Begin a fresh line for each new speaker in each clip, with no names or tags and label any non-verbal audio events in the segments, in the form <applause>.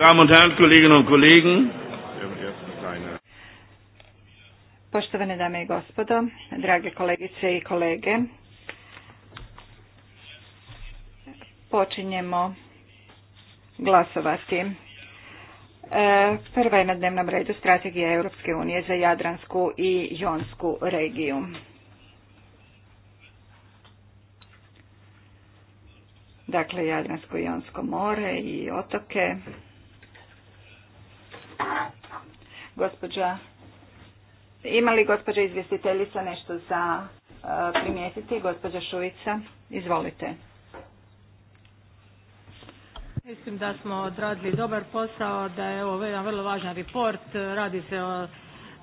Damen und Herren, Kolleginnen
Poštovane dame i gospodo, drage kolegice i kolege, počinjemo glasovati. E, prva je na dnevnom redu strategija Europske unije za Jadransku i Jonsku regiju. Dakle, Jadransko i Jonsko more i otoke. Gospođa, ima li gospođa izvjestiteljica nešto za e, primijetiti? Gospođa Šuica, izvolite. Mislim da smo odradili dobar posao, da je ovo jedan vrlo važan report. Radi se o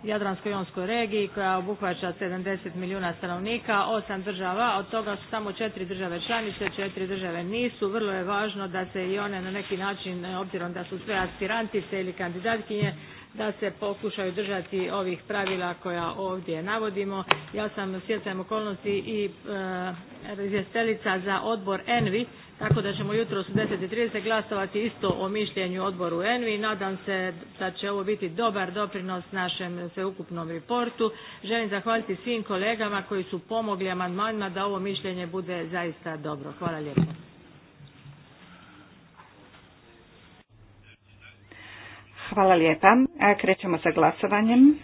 Jadransko-jonskoj regiji koja obuhvaća 70 milijuna stanovnika, osam država, od toga su samo četiri države članice, četiri države nisu. Vrlo je važno da se i one na neki način, obzirom da su sve aspirantice ili kandidatkinje, da se pokušaju držati ovih pravila koja ovdje navodimo. Ja sam stjecajem okolnosti i e, za odbor ENVI, tako da ćemo jutros u 10.30 glasovati isto o mišljenju odboru ENVI nadam se da će ovo biti dobar doprinos našem sveukupnom reportu. Želim zahvaliti svim kolegama koji su pomogli amandmanima da ovo mišljenje bude zaista dobro. Hvala lijepo. Hvala lijepa. E, krećemo sa glasovanjem.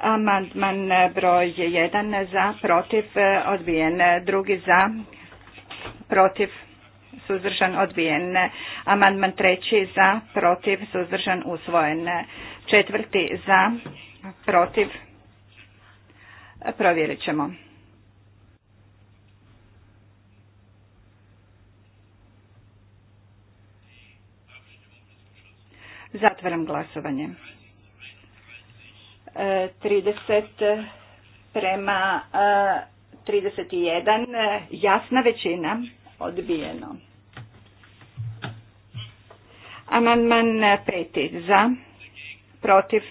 Amandman broj jedan za, protiv, e, odbijen. Drugi za, protiv, suzdržan, odbijen. Amandman treći za, protiv, suzdržan, usvojen. Četvrti za, protiv, provjerit ćemo. Zatvaram glasovanje. 30 e, e, prema 31 e, jasna većina odbijeno. Amandman peti za, protiv,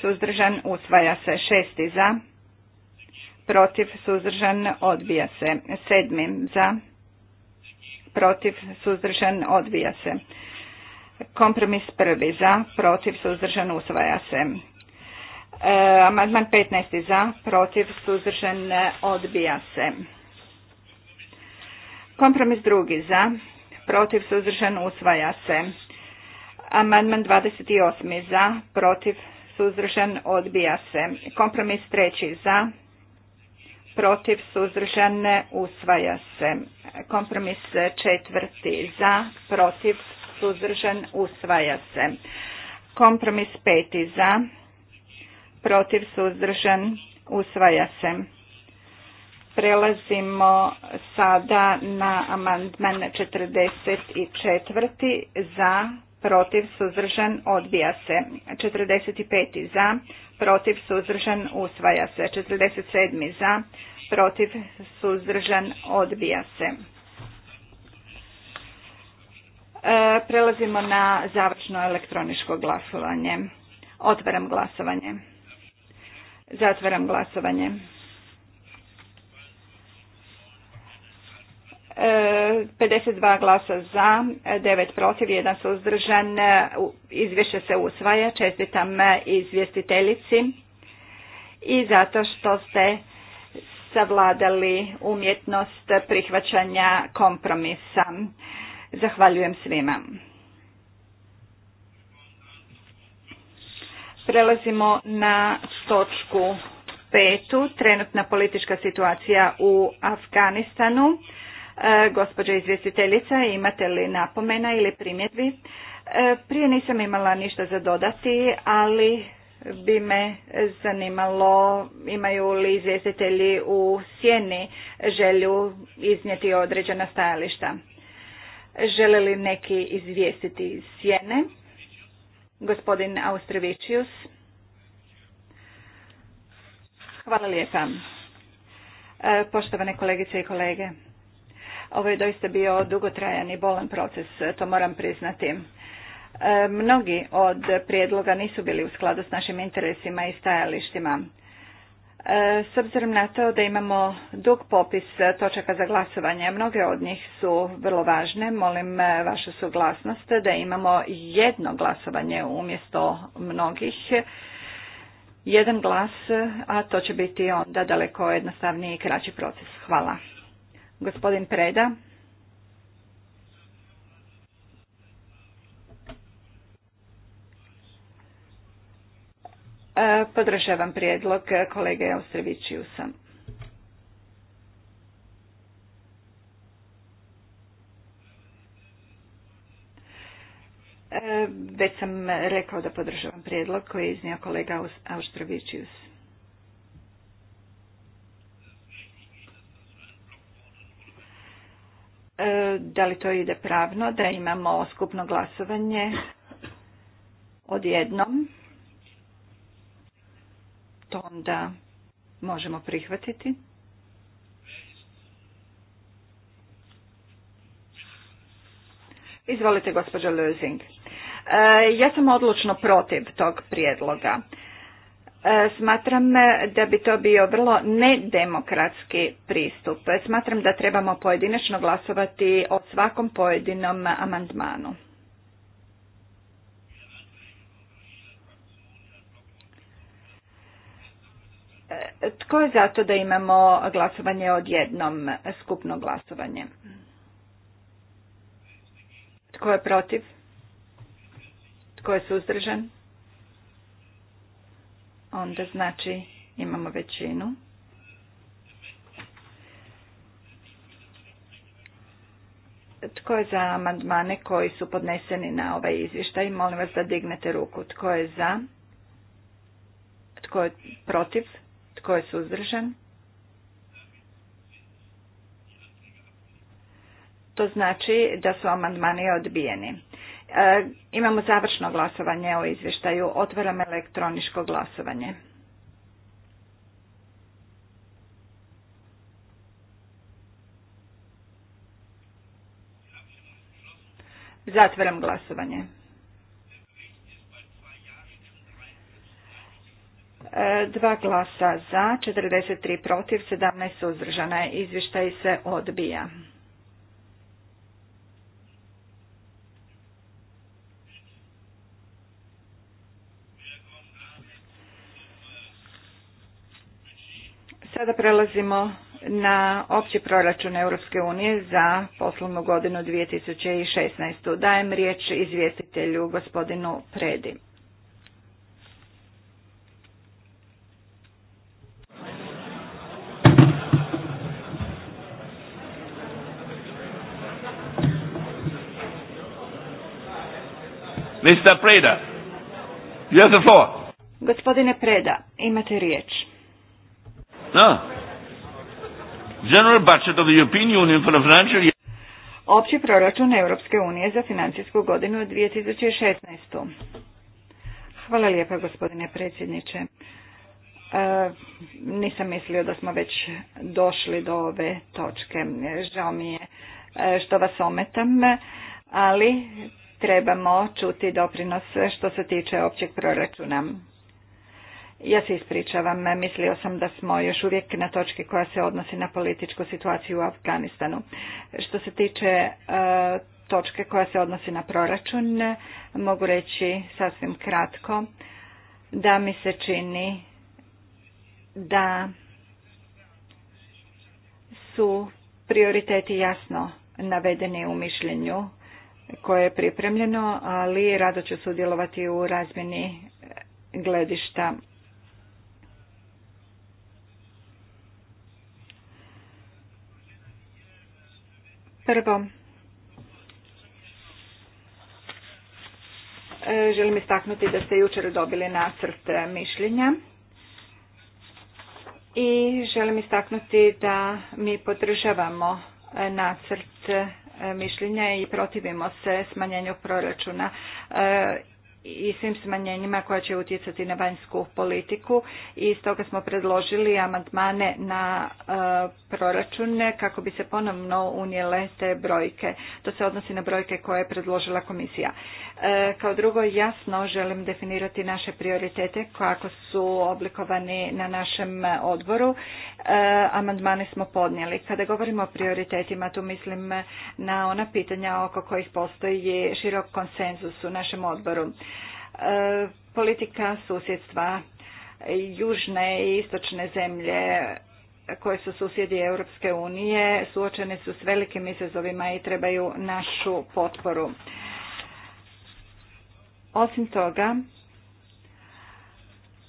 suzdržan, usvaja se. Šesti za, protiv, suzdržan, odbija se. Sedmi za, protiv, suzdržan, odbija se. Kompromis prvi za, protiv, suzdržan, usvaja se. E, amandman 15. za, protiv, suzdržan, odbija se. Kompromis drugi za, protiv, suzdržan, usvaja se. Amandman 28. za, protiv, suzdržan, odbija se. Kompromis treći za, protiv, suzdržan, usvaja se. Kompromis četvrti za, protiv, suzdržan, usvaja se. Kompromis peti za, protiv, suzdržan, usvaja se. Prelazimo sada na amandman 44. za, protiv, suzdržan, odbija se. 45. za, protiv, suzdržan, usvaja se. 47. za, protiv, suzdržan, odbija se. E, prelazimo na završno elektroničko glasovanje. Otvaram glasovanje. Zatvaram glasovanje. E, 52 glasa za, 9 protiv, 1 suzdržan. Izvješće se usvaja. Čestitam e, izvjestiteljici i zato što ste savladali umjetnost prihvaćanja kompromisa. Zahvaljujem svima. Prelazimo na točku petu, trenutna politička situacija u Afganistanu. E, izvjestiteljica, imate li napomena ili primjedbi? E, prije nisam imala ništa za dodati, ali bi me zanimalo imaju li izvjestitelji u sjeni želju iznijeti određena stajališta. Žele li neki izvijestiti sjene? Gospodin Austrevičius. Hvala lijepa. E, poštovane kolegice i kolege, ovo je doista bio dugotrajan i bolan proces, to moram priznati. E, mnogi od prijedloga nisu bili u skladu s našim interesima i stajalištima. E, s obzirom na to da imamo dug popis točaka za glasovanje, mnoge od njih su vrlo važne, molim e, vašu suglasnost da imamo jedno glasovanje umjesto mnogih, jedan glas, a to će biti onda daleko jednostavniji i kraći proces. Hvala. Gospodin Preda. E, podržavam prijedlog kolege Austrevičijusa. E, već sam rekao da podržavam prijedlog koji je iznio kolega Austrovičius. E, da li to ide pravno, da imamo skupno glasovanje odjednom? to onda možemo prihvatiti. Izvolite, gospođo Lusing. E, ja sam odlučno protiv tog prijedloga. E, smatram e, da bi to bio vrlo nedemokratski pristup. Smatram da trebamo pojedinačno glasovati o svakom pojedinom amandmanu. E, tko je zato da imamo glasovanje odjednom, skupno glasovanje? Tko je protiv? Tko je suzdržan? Onda znači imamo većinu. Tko je za amandmane koji su podneseni na ovaj izvještaj? Molim vas da dignete ruku. Tko je za? Tko je protiv? Tko je suzdržan? To znači da su amandmani odbijeni. E, imamo završno glasovanje o izvještaju. Otvaram elektroničko glasovanje. Zatvaram glasovanje. dva glasa za, 43 protiv, 17 suzdržana Izvještaj se odbija. Sada prelazimo na opći proračun Europske unije za poslovnu godinu 2016. Dajem riječ izvjestitelju gospodinu Predi.
Mr. Preda, you have the floor.
Gospodine Preda, imate riječ.
No.
General budget of the European Union for the financial year.
Opći proračun Europske unije za financijsku godinu 2016. Hvala lijepa gospodine predsjedniče. E, nisam mislio da smo već došli do ove točke. Žao mi je e, što vas ometam, ali trebamo čuti doprinos što se tiče općeg proračuna. Ja se ispričavam, mislio sam da smo još uvijek na točki koja se odnosi na političku situaciju u Afganistanu. Što se tiče e, točke koja se odnosi na proračun, mogu reći sasvim kratko da mi se čini da su prioriteti jasno navedeni u mišljenju koje je pripremljeno, ali rado ću sudjelovati u razmjeni e, gledišta. Prvo, e, želim istaknuti da ste jučer dobili nacrt mišljenja i želim istaknuti da mi podržavamo nacrt mišljenja i protivimo se smanjenju proračuna e, i svim smanjenjima koja će utjecati na vanjsku politiku i stoga smo predložili amandmane na e, proračune kako bi se ponovno unijele te brojke. To se odnosi na brojke koje je predložila komisija. E, kao drugo, jasno želim definirati naše prioritete kako su oblikovani na našem odboru. E, amandmane smo podnijeli. Kada govorimo o prioritetima, tu mislim na ona pitanja oko kojih postoji širok konsenzus u našem odboru politika susjedstva južne i istočne zemlje koje su susjedi Europske unije suočene su s velikim izazovima i trebaju našu potporu. Osim toga,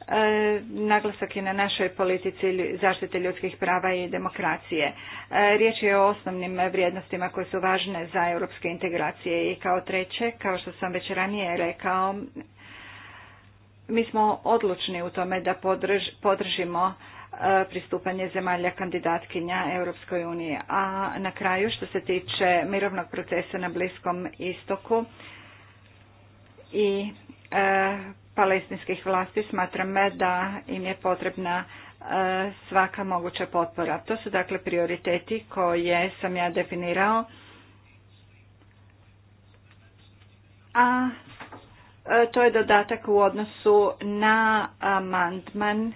e, naglasak je na našoj politici zaštite ljudskih prava i demokracije. E, riječ je o osnovnim vrijednostima koje su važne za europske integracije i kao treće, kao što sam već ranije rekao, mi smo odlučni u tome da podržimo e, pristupanje zemalja kandidatkinja Europskoj uniji. A na kraju što se tiče mirovnog procesa na Bliskom istoku i e, palestinskih vlasti smatram da im je potrebna e, svaka moguća potpora. To su dakle prioriteti koje sam ja definirao. A E, to je dodatak u odnosu na amandman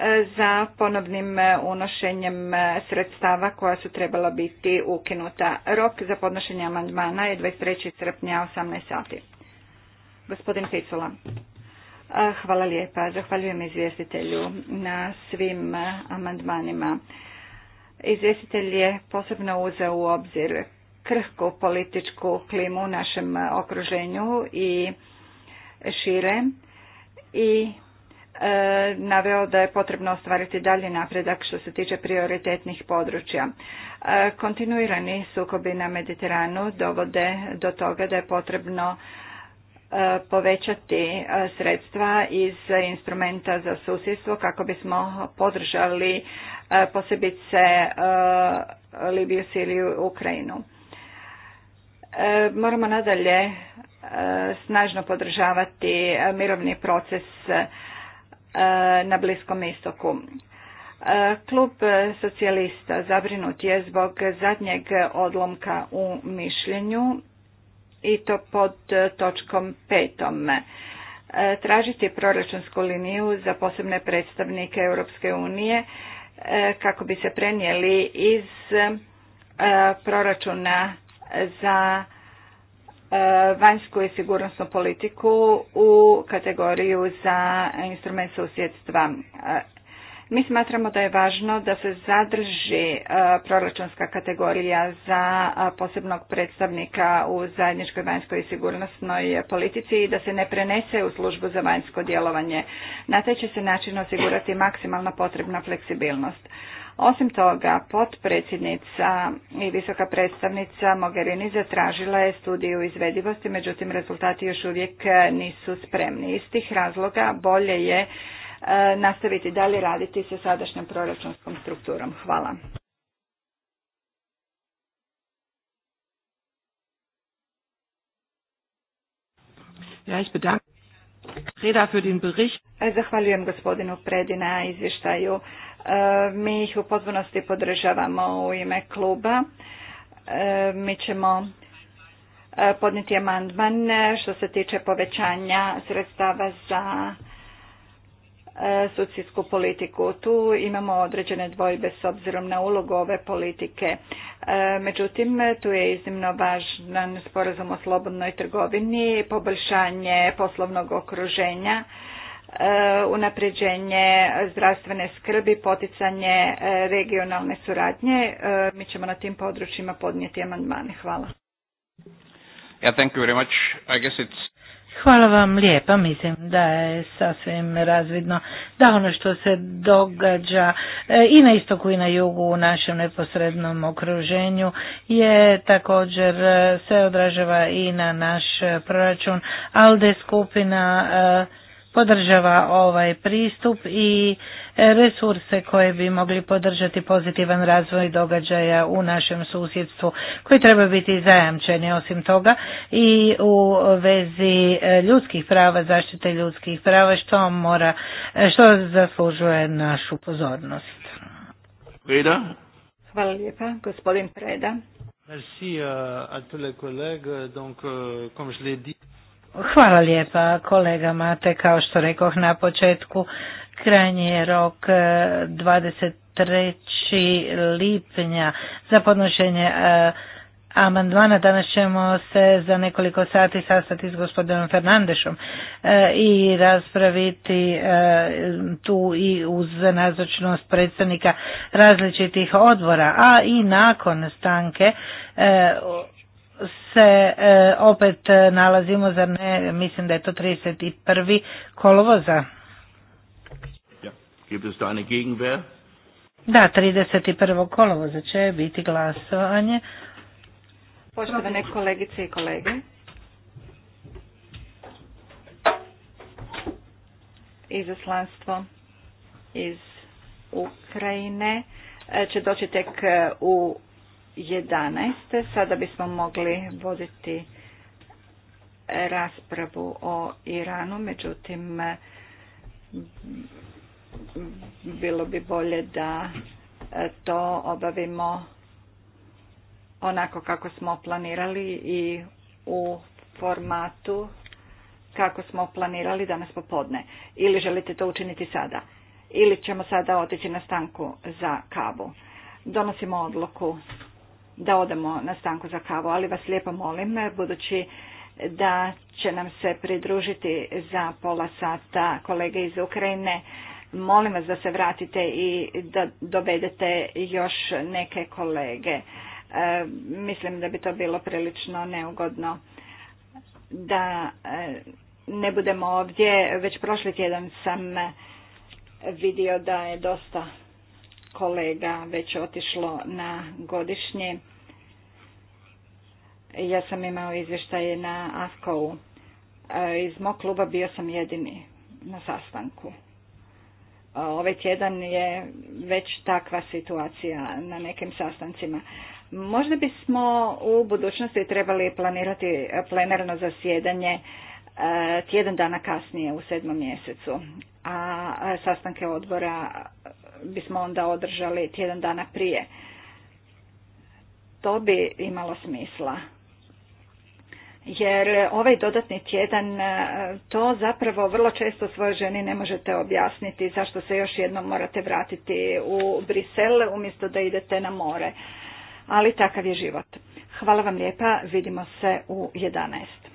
e, za ponovnim e, unošenjem sredstava koja su trebala biti ukinuta. Rok za podnošenje amandmana je 23. srpnja 18 sati. Gospodin Picula. Hvala lijepa. Zahvaljujem izvjestitelju na svim amandmanima. Izvjestitelj je posebno uzeo u obzir krhku političku klimu u našem okruženju i šire i e, naveo da je potrebno ostvariti dalji napredak što se tiče prioritetnih područja. E, kontinuirani sukobi na Mediteranu dovode do toga da je potrebno e, povećati sredstva iz instrumenta za susjedstvo kako bismo podržali posebice Libiju, Siriju, Ukrajinu. Moramo nadalje e, snažno podržavati e, mirovni proces e, na Bliskom istoku. Klub socijalista zabrinut je zbog zadnjeg odlomka u mišljenju i to pod točkom petom. Tražiti proračunsku liniju za posebne predstavnike Europske unije kako bi se prenijeli iz proračuna za e, vanjsku i sigurnosnu politiku u kategoriju za instrument susjedstva. E, mi smatramo da je važno da se zadrži e, proračunska kategorija za posebnog predstavnika u zajedničkoj vanjskoj i sigurnosnoj politici i da se ne prenese u službu za vanjsko djelovanje. Na taj će se način osigurati maksimalna potrebna fleksibilnost. Osim toga, potpredsjednica i visoka predstavnica Mogherini zatražila je studiju izvedivosti, međutim rezultati još uvijek e, nisu spremni. Iz tih razloga bolje je e, nastaviti dalje raditi sa sadašnjom proračunskom strukturom.
Hvala. Ja,
e, Zahvaljujem gospodinu Predi na izvještaju. Mi ih u potpunosti podržavamo u ime kluba. E, mi ćemo e, podnijeti amandman e, što se tiče povećanja sredstava za socijsku politiku. Tu imamo određene dvojbe s obzirom na ulogu ove politike. Međutim, tu je iznimno važan sporazum o slobodnoj trgovini, poboljšanje poslovnog okruženja E, unapređenje zdravstvene skrbi, poticanje e, regionalne suradnje. E, mi ćemo na tim područjima podnijeti amandmane. Hvala.
thank you Hvala vam lijepa, mislim da je sasvim razvidno da ono što se događa i na istoku i na jugu u našem neposrednom okruženju je također se odražava i na naš proračun, ALDE skupina podržava ovaj pristup i resurse koje bi mogli podržati pozitivan razvoj događaja u našem susjedstvu koji treba biti zajamčeni osim toga i u vezi e, ljudskih prava, zaštite ljudskih prava što mora, e, što zaslužuje našu pozornost.
Preda.
Hvala lijepa, gospodin Preda.
Merci euh, à tous les collègues. Donc, euh, comme je l'ai dit.
Hvala lijepa kolega Mate, kao što rekoh na početku, krajnji je rok 23. E, lipnja za podnošenje e, amandmana. Danas ćemo se za nekoliko sati sastati s gospodinom Fernandešom e, i raspraviti tu i uz nazočnost predstavnika različitih odbora, a i nakon stanke se e, opet nalazimo, zar ne, mislim da je to 31. kolovoza.
Ja, gibt da eine Gegenwehr?
31. kolovoza će biti glasovanje.
Poštovane kolegice i kolege. Izaslanstvo iz Ukrajine e, će doći tek e, u 11. Sada bismo mogli voditi raspravu o Iranu, međutim bilo bi bolje da to obavimo onako kako smo planirali i u formatu kako smo planirali danas popodne. Ili želite to učiniti sada? Ili ćemo sada otići na stanku za kavu? Donosimo odluku da odemo na stanku za kavu, ali vas lijepo molim, budući da će nam se pridružiti za pola sata kolege iz Ukrajine, molim vas da se vratite i da dovedete još neke kolege. E, mislim da bi to bilo prilično neugodno da e, ne budemo ovdje. Već prošli tjedan sam vidio da je dosta kolega već otišlo na godišnje. Ja sam imao izvještaje na AFKO-u. E, iz mog kluba bio sam jedini na sastanku. E, ovaj tjedan je već takva situacija na nekim sastancima. Možda bismo u budućnosti trebali planirati plenarno zasjedanje e, tjedan dana kasnije u sedmom mjesecu, a sastanke odbora bismo onda održali tjedan dana prije. To bi imalo smisla. Jer ovaj dodatni tjedan, e, to zapravo vrlo često svojoj ženi ne možete objasniti zašto se još jednom morate vratiti u Brisel umjesto da idete na more. Ali takav je život. Hvala vam lijepa, vidimo se u 11.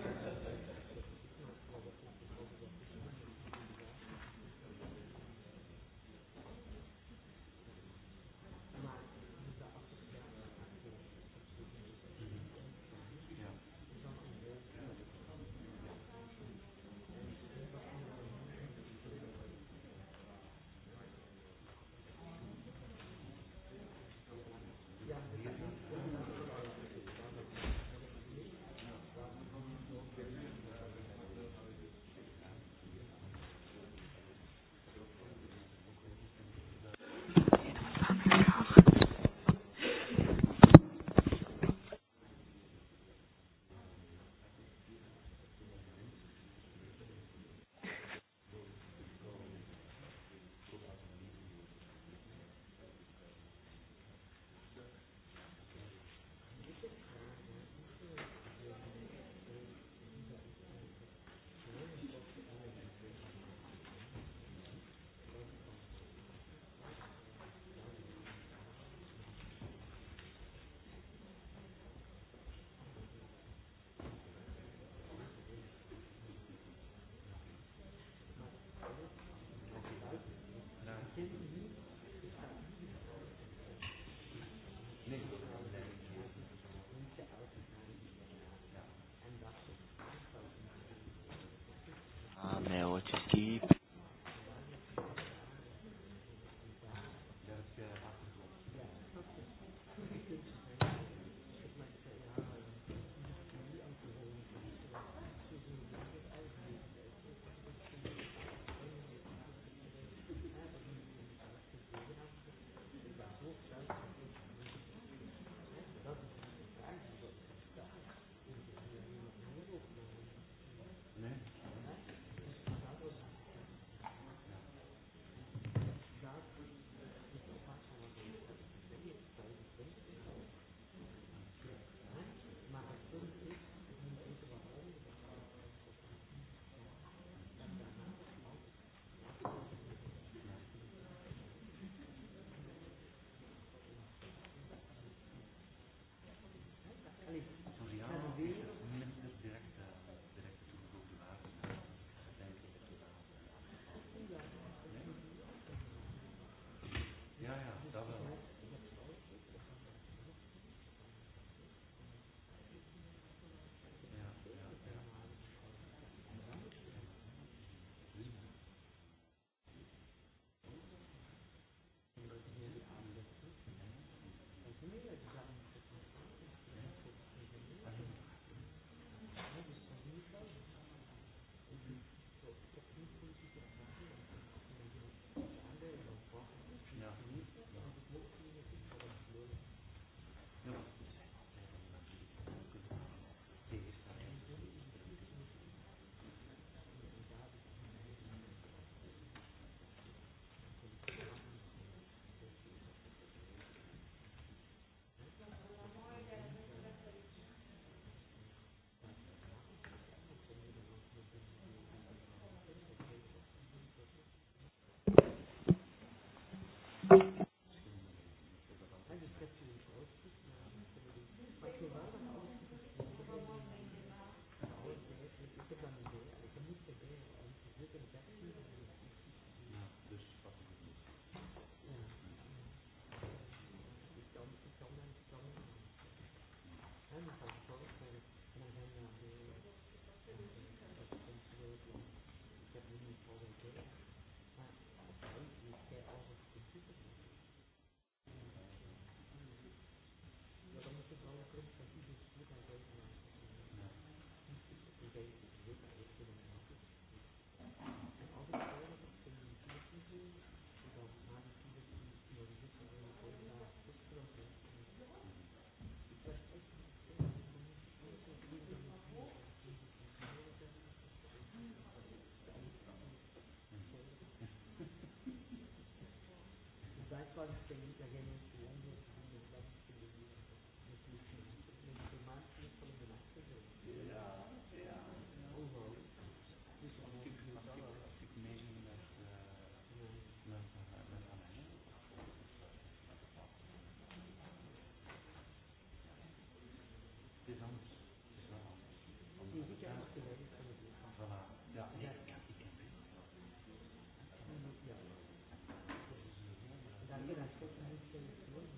Hvala Svanskin against Hvala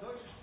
deutsche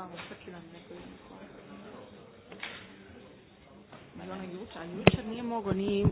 tamo srkivan neko jedno. Ma ono
jučer, a jučer nije mogo, nije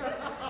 Hvala <laughs>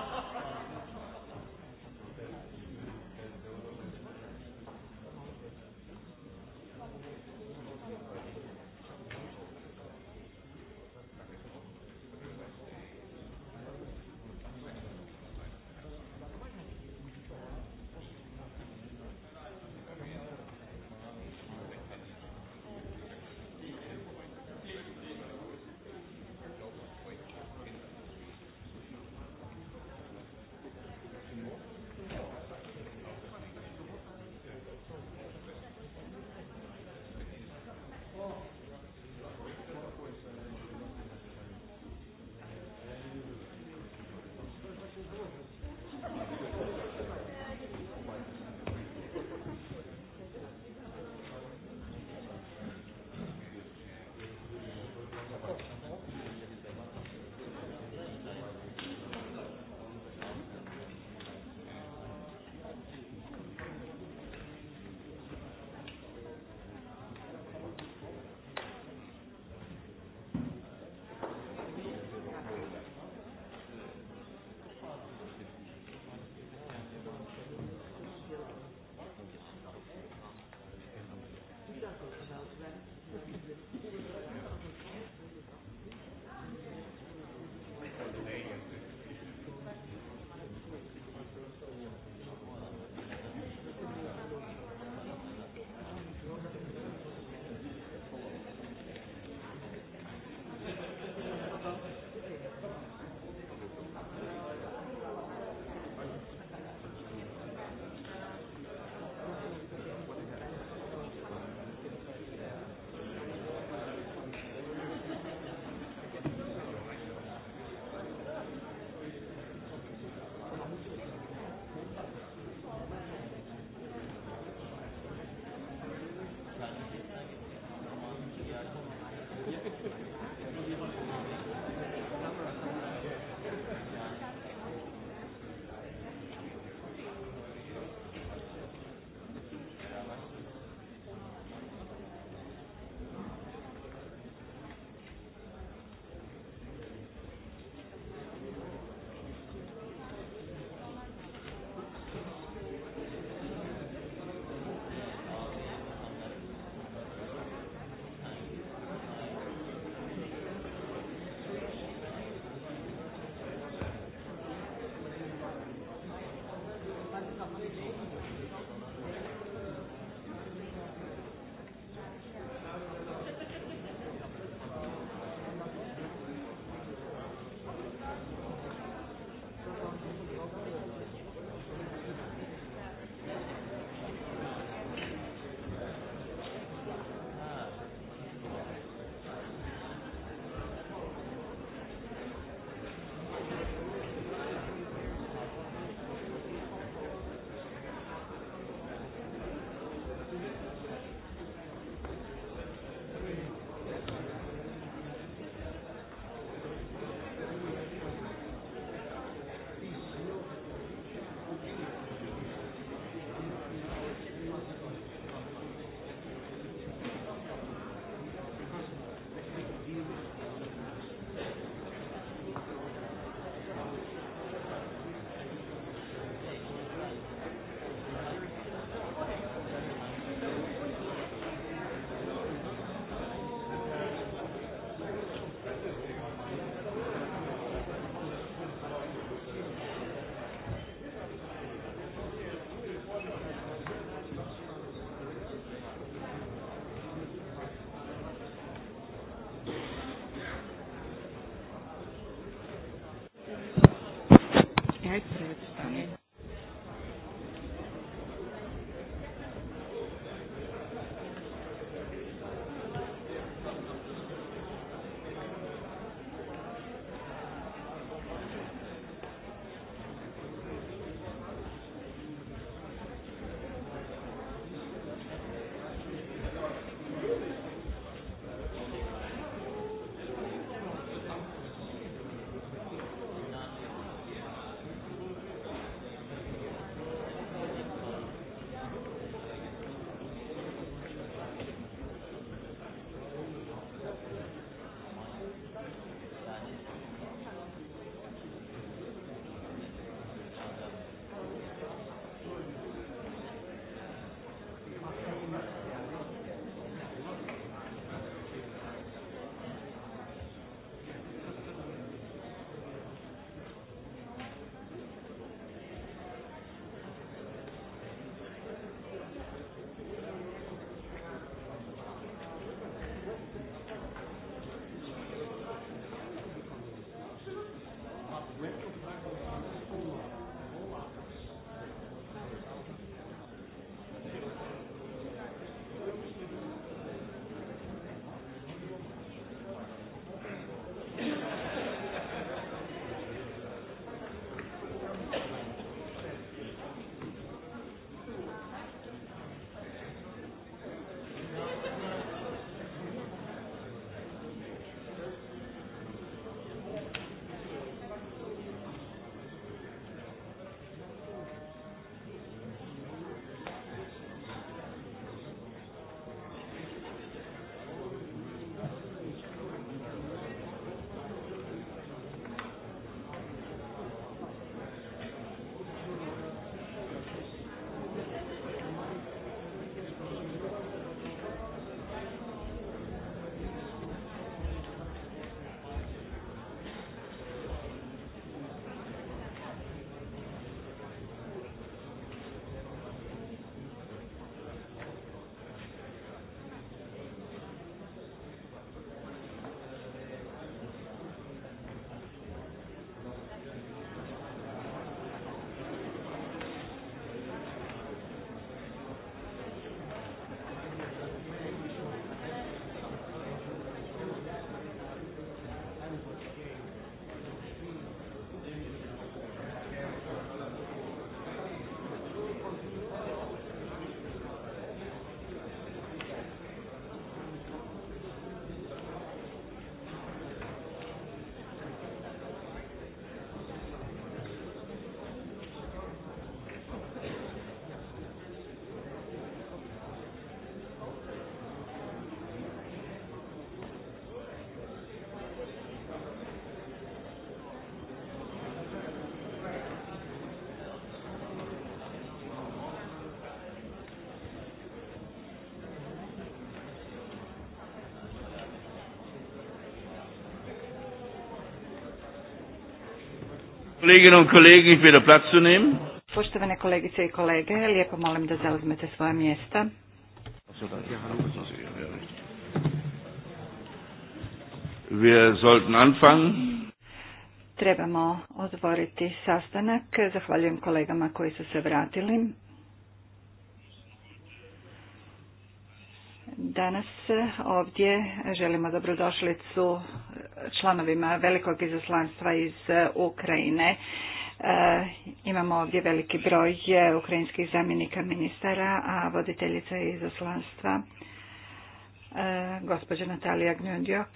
Kolleginnen und bitte Platz zu nehmen.
Poštovane kolegice i kolege, lijepo molim da zauzmete svoja mjesta.
Wir sollten anfangen.
Trebamo otvoriti sastanak. Zahvaljujem kolegama koji su se vratili. Danas ovdje želimo dobrodošlicu članovima velikog izaslanstva iz e, Ukrajine. E, imamo ovdje veliki broj e, ukrajinskih zamjenika ministara, a voditeljica izaslanstva gospođa Natalija Gnjundjok,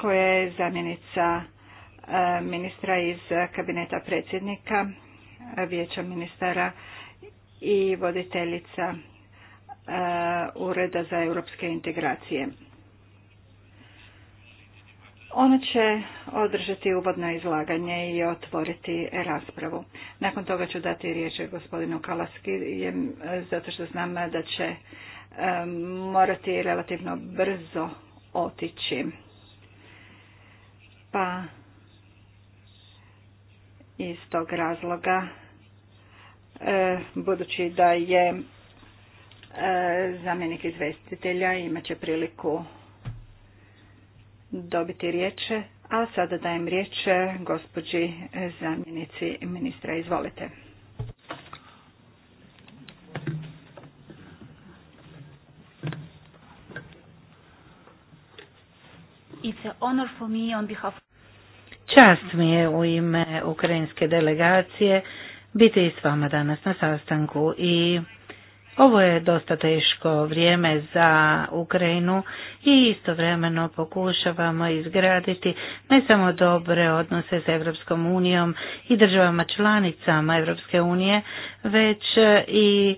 koja je zamjenica ministra iz kabineta predsjednika vijeća ministara i voditeljica Ureda za europske integracije. Ona će održati uvodno izlaganje i otvoriti raspravu. Nakon toga ću dati riječ gospodinu Kalaski, zato što znam da će e, morati relativno brzo otići. Pa iz tog razloga, e, budući da je e, zamjenik izvestitelja, imat će priliku dobiti riječe, a sada dajem riječ gospođi zamjenici ministra. Izvolite.
on Čast mi je u ime ukrajinske delegacije biti s vama danas na sastanku i ovo je dosta teško vrijeme za Ukrajinu i istovremeno pokušavamo izgraditi ne samo dobre odnose s Europskom unijom i državama članicama Europske unije, već i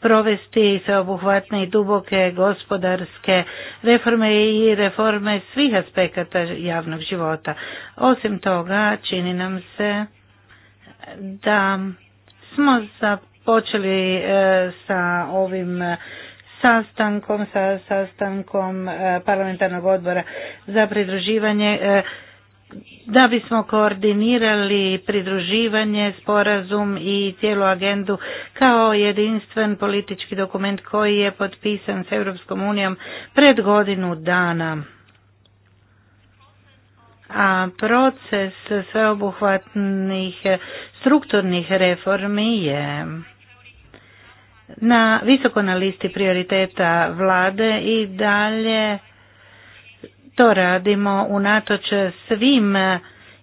provesti sveobuhvatne i duboke gospodarske reforme i reforme svih aspekata javnog života. Osim toga, čini nam se da smo za počeli e, sa ovim e, sastankom, sa sastankom e, parlamentarnog odbora za pridruživanje da bismo koordinirali pridruživanje, sporazum i cijelu agendu kao jedinstven politički dokument koji je potpisan s Europskom unijom pred godinu dana. A proces sveobuhvatnih strukturnih reformi je na visoko na listi prioriteta vlade i dalje to radimo unatoč svim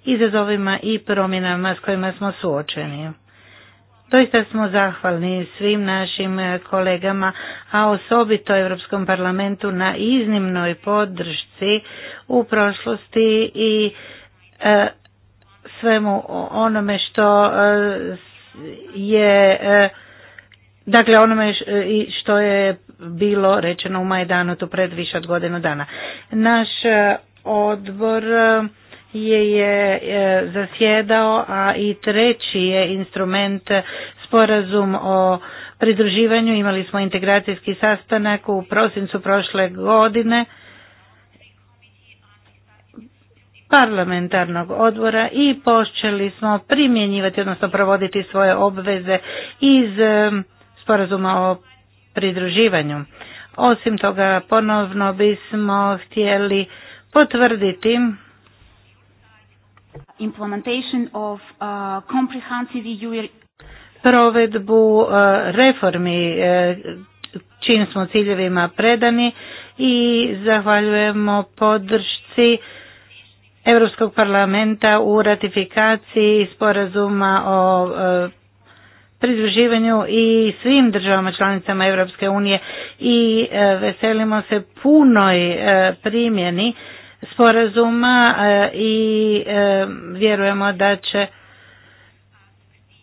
izazovima i promjenama s kojima smo suočeni. Doista smo zahvalni svim našim kolegama, a osobito Europskom parlamentu na iznimnoj podršci u prošlosti i e, svemu onome što e, je e, Dakle, onome e, što je bilo rečeno u Majdanu to pred više od godinu dana. Naš e, odbor e, je, je zasjedao, a i treći je instrument sporazum o pridruživanju. Imali smo integracijski sastanak u prosincu prošle godine parlamentarnog odbora i počeli smo primjenjivati, odnosno provoditi svoje obveze iz sporazuma o pridruživanju. Osim toga, ponovno bismo htjeli potvrditi of uh, e provedbu uh, reformi uh, čim smo ciljevima predani i zahvaljujemo podršci Europskog parlamenta u ratifikaciji sporazuma o pridruživanju i svim državama članicama Europske unije i e, veselimo se punoj e, primjeni sporazuma e, i vjerujemo da će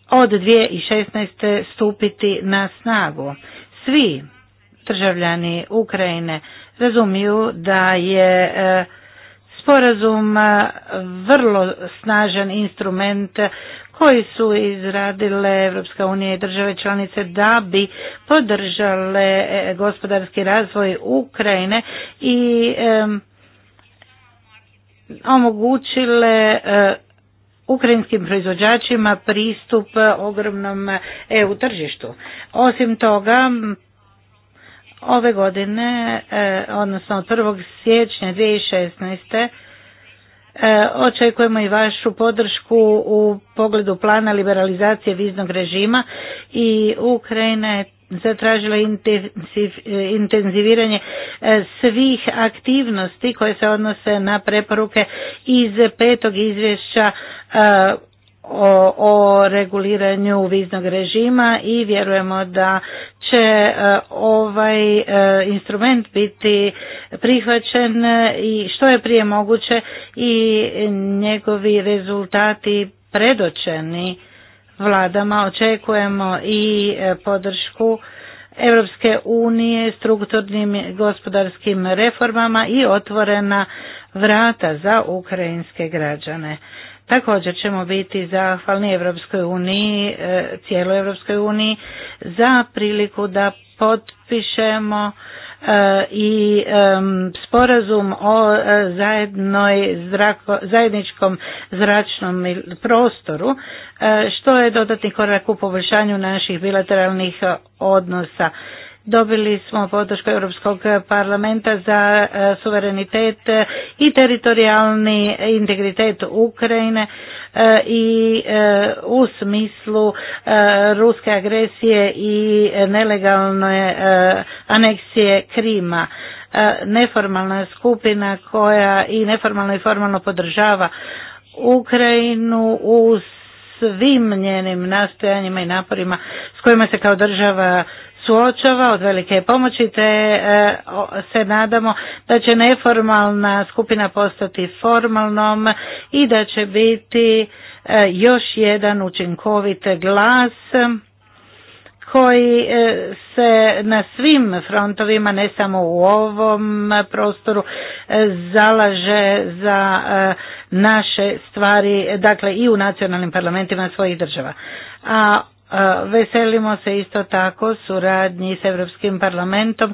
od 2016. stupiti na snagu. Svi državljani Ukrajine razumiju da je sporazum vrlo snažan instrument koji su izradile Europska unija i države članice da bi podržale e, gospodarski razvoj Ukrajine i omogućile e, ukrajinskim proizvođačima pristup ogromnom EU tržištu. Osim toga, ove godine, e, odnosno od 1. siječnja 2016. E, očekujemo i vašu podršku u pogledu plana liberalizacije viznog režima i Ukrajina je zatražila intenziviranje e, svih aktivnosti koje se odnose na preporuke iz petog izvješća e, o, o reguliranju viznog režima i vjerujemo da će e, ovaj e, instrument biti prihvaćen i što je prije moguće i njegovi rezultati predočeni vladama. Očekujemo i e, podršku Europske unije strukturnim gospodarskim reformama i otvorena vrata za ukrajinske građane. Također ćemo biti zahvalni Evropskoj uniji, e, cijeloj Evropskoj uniji za priliku da potpišemo e, i e, sporazum o zajedničkom zračnom prostoru, što je dodatni korak u poboljšanju naših bilateralnih odnosa Dobili smo podršku Europskog parlamenta za e, suverenitet i teritorijalni integritet Ukrajine e, i e, u smislu ruske agresije i nelegalne aneksije Krima neformalna skupina koja i neformalno i formalno podržava Ukrajinu u svim njenim nastojanjima i naporima s kojima se kao država suočava, od velike pomoći, te e, se nadamo da će neformalna skupina postati formalnom i da će biti e, još jedan učinkovit glas koji e, se na svim frontovima, ne samo u ovom prostoru, zalaže za naše stvari, dakle i u nacionalnim parlamentima svojih država. A Veselimo se isto tako suradnji s Europskim parlamentom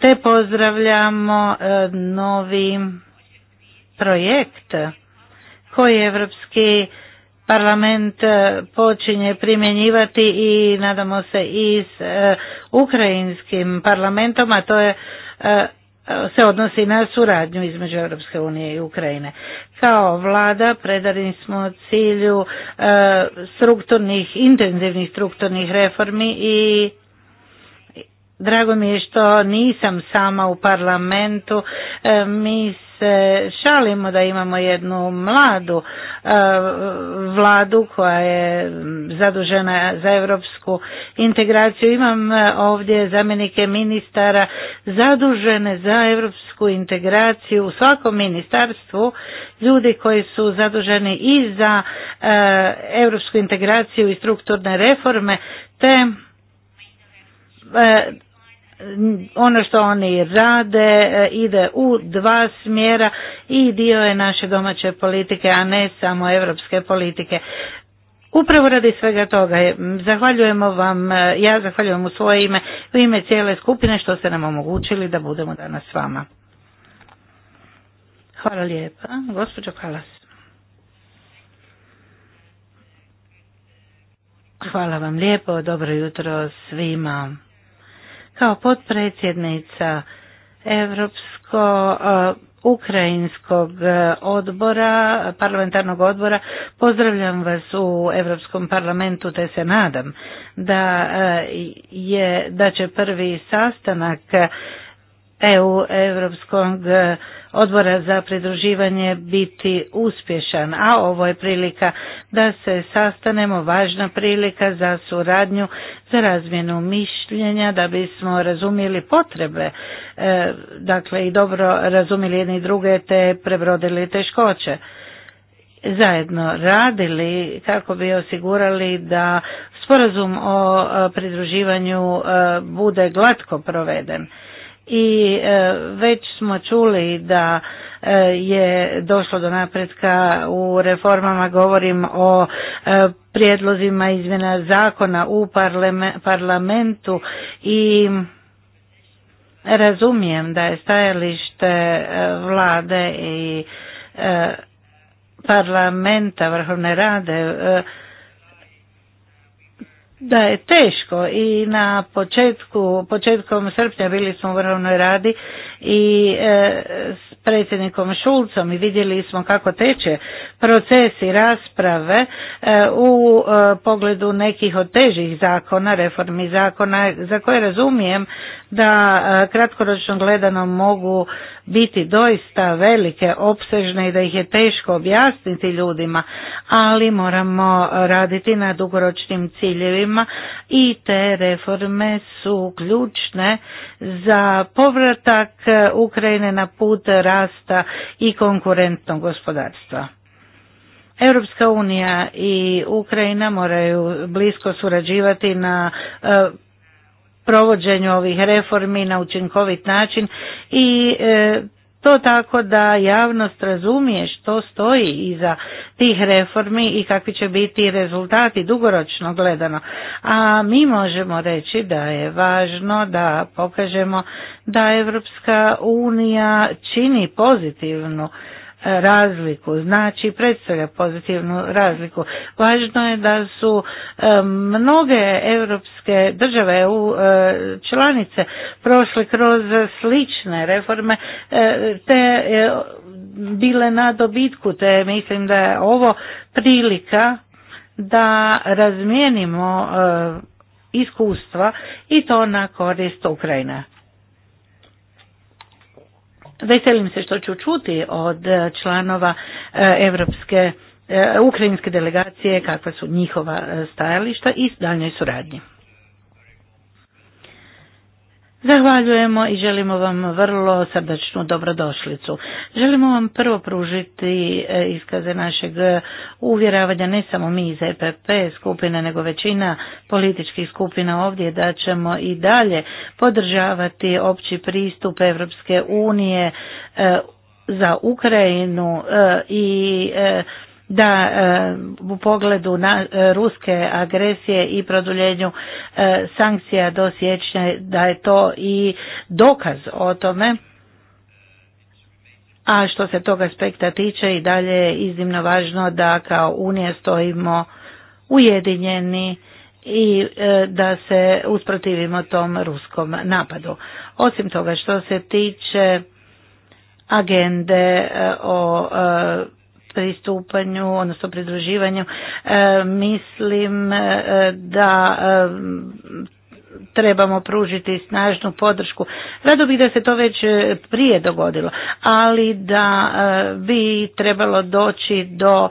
te pozdravljamo e, novi projekt koji Europski parlament e, počinje primjenjivati i nadamo se i s e, ukrajinskim parlamentom, a to je se odnosi na suradnju između Europske unije i Ukrajine. Kao vlada predali smo cilju e, strukturnih, intenzivnih strukturnih reformi i drago mi je što nisam sama u parlamentu. E, mi se šalimo da imamo jednu mladu e, vladu koja je zadužena za europsku integraciju. Imam e, ovdje zamjenike ministara zadužene za europsku integraciju u svakom ministarstvu ljudi koji su zaduženi i za europsku integraciju i strukturne reforme te e, ono što oni rade e, ide u dva smjera i dio je naše domaće politike, a ne samo europske politike. Upravo radi svega toga, e, zahvaljujemo vam, e, ja zahvaljujem u svoje ime, u ime cijele skupine što ste nam omogućili da budemo danas s vama. Hvala lijepa, gospođo Kalas. Hvala vam lijepo, dobro jutro svima. Kao potpredsjednica Europsko e, Ukrajinskog e, odbora, parlamentarnog odbora, pozdravljam vas u Europskom parlamentu te se nadam da, e, je, da će prvi sastanak EU Europskog e, odbora za pridruživanje biti uspješan, a ovo je prilika da se sastanemo, važna prilika za suradnju, za razmjenu mišljenja, da bismo razumjeli potrebe, e, dakle i dobro razumjeli jedni druge te prebrodili teškoće zajedno radili kako bi osigurali da sporazum o e, pridruživanju bude glatko proveden i e, već smo čuli da e, je došlo do napretka u reformama, govorim o e, prijedlozima izmjena zakona u parlamentu i razumijem da je stajalište vlade i parlamenta Vrhovne rade da je teško i na početku, početkom srpnja bili smo u Vrhovnoj radi i e, s predsjednikom Šulcom i vidjeli smo kako teče procesi rasprave e, u e, pogledu nekih od težih zakona, reformi zakona za koje razumijem da e, kratkoročno gledano mogu biti doista velike, opsežne i da ih je teško objasniti ljudima, ali moramo e, raditi na dugoročnim ciljevima i te reforme su ključne za povratak e, Ukrajine na put rasta i konkurentnog gospodarstva. Europska unija i Ukrajina moraju blisko surađivati na provođenju ovih reformi na učinkovit način i e, to tako da javnost razumije što stoji iza tih reformi i kakvi će biti rezultati dugoročno gledano. A mi možemo reći da je važno da pokažemo da Evropska unija čini pozitivnu razliku, znači predstavlja pozitivnu razliku. Važno je da su e, mnoge europske države e, u e, članice prošle kroz slične reforme te bile na dobitku, te mislim da je ovo prilika da razmijenimo iskustva i to na korist Ukrajina. Veselim se što ću čuti od e, članova Europske e, ukrajinske delegacije kakva su njihova e, stajališta i daljnjoj suradnji. Zahvaljujemo i želimo vam vrlo srdačnu dobrodošlicu. Želimo vam prvo pružiti e, iskaze našeg e, uvjeravanja, ne samo mi iz EPP skupine, nego većina političkih skupina ovdje, da ćemo i dalje podržavati opći pristup Evropske unije e, za Ukrajinu i da e, u pogledu na e, ruske agresije i produljenju e, sankcija do siječnja da je to i dokaz o tome. A što se tog aspekta tiče i dalje je iznimno važno da kao Unija stojimo ujedinjeni i da se usprotivimo tom ruskom napadu. Osim toga što se tiče agende o pristupanju, odnosno pridruživanju, e, mislim e, da e, trebamo pružiti snažnu podršku. Rado bih da se to već prije dogodilo, ali da bi trebalo doći do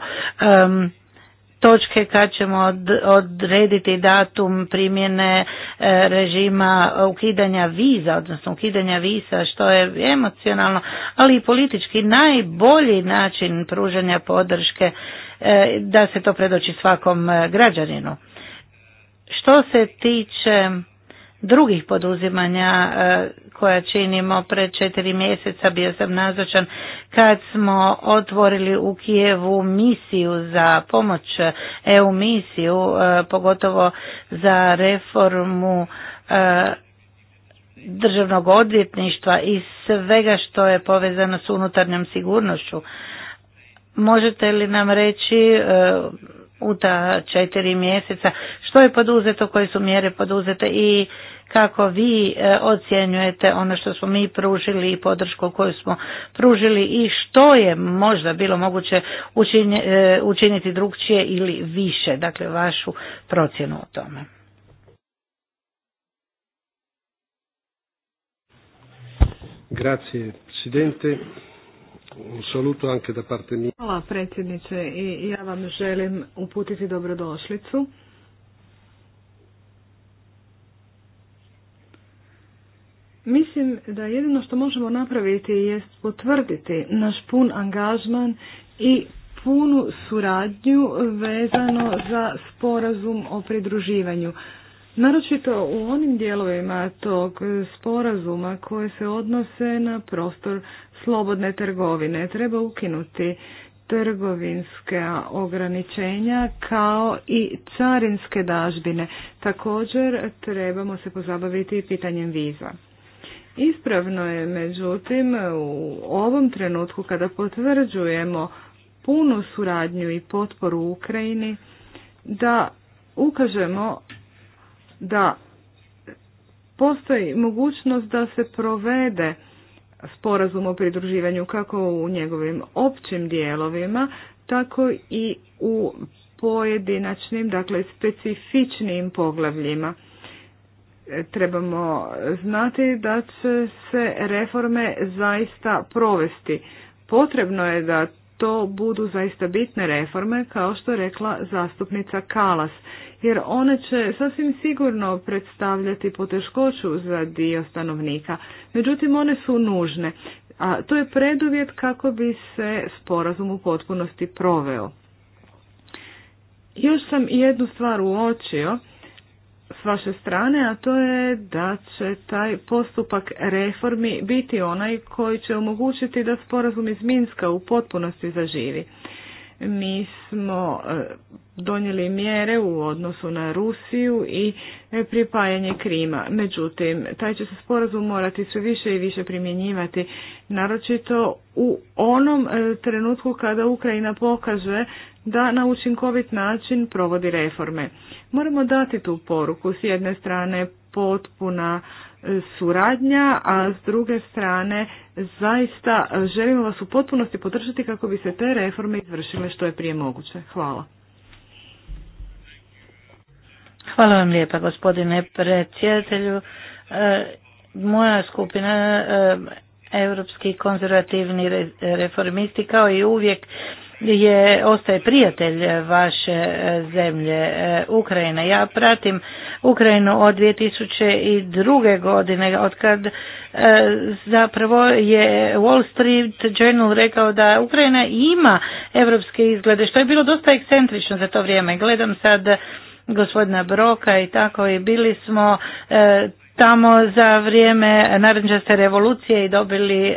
točke kad ćemo odrediti datum primjene e, režima ukidanja viza, odnosno ukidanja visa, što je emocionalno, ali i politički najbolji način pružanja podrške e, da se to predoči svakom e, građaninu. Što se tiče drugih poduzimanja e, koja činimo pred četiri mjeseca bio sam nazočan kad smo otvorili u Kijevu misiju za pomoć EU misiju e, pogotovo za reformu e, državnog odvjetništva i svega što je povezano s unutarnjom sigurnošću. Možete li nam reći u ta četiri mjeseca, što je poduzeto, koje su mjere poduzete i kako vi e, ocjenjujete ono što smo mi pružili i podršku koju smo pružili i što je možda bilo moguće e, učiniti drugčije ili više, dakle vašu procjenu o tome.
Grazie saluto anche da parte mia.
Hvala predsjedniče i ja vam želim uputiti dobrodošlicu. Mislim da jedino što možemo napraviti jest potvrditi naš pun angažman i punu suradnju vezano za sporazum o pridruživanju. Naročito u onim dijelovima tog sporazuma koje se odnose na prostor slobodne trgovine. Treba ukinuti trgovinske ograničenja kao i carinske dažbine. Također trebamo se pozabaviti i pitanjem viza. Ispravno je, međutim, u ovom trenutku kada potvrđujemo punu suradnju i potporu Ukrajini, da ukažemo da postoji mogućnost da se provede sporazum o pridruživanju kako u njegovim općim dijelovima, tako i u pojedinačnim, dakle specifičnim poglavljima. E, trebamo znati da će se reforme zaista provesti. Potrebno je da to budu zaista bitne reforme, kao što je rekla zastupnica Kalas, jer one će sasvim sigurno predstavljati poteškoću za dio stanovnika. Međutim, one su nužne, a to je preduvjet kako bi se sporazum u potpunosti proveo. Još sam jednu stvar uočio s vaše strane, a to je da će taj postupak reformi biti onaj koji će omogućiti da sporazum iz Minska u potpunosti zaživi mi smo e, donijeli mjere u odnosu na Rusiju i e, pripajanje Krima. Međutim, taj će se sporazum morati sve više i više primjenjivati, naročito u onom e, trenutku kada Ukrajina pokaže da na učinkovit način provodi reforme. Moramo dati tu poruku s jedne strane potpuna suradnja, a s druge strane zaista želimo vas u potpunosti podržati kako bi se te reforme izvršile što je prije moguće. Hvala. Hvala vam lijepa gospodine predsjedatelju.
E, moja skupina europski konzervativni reformisti kao i uvijek je ostaje prijatelj vaše e, zemlje e, Ukrajina. Ja pratim Ukrajinu od 2002. godine od kad e, zapravo je Wall Street Journal rekao da Ukrajina ima evropske izglede što je bilo dosta ekscentrično za to vrijeme. Gledam sad gospodina Broka i tako i bili smo tamo za vrijeme naranđaste revolucije i dobili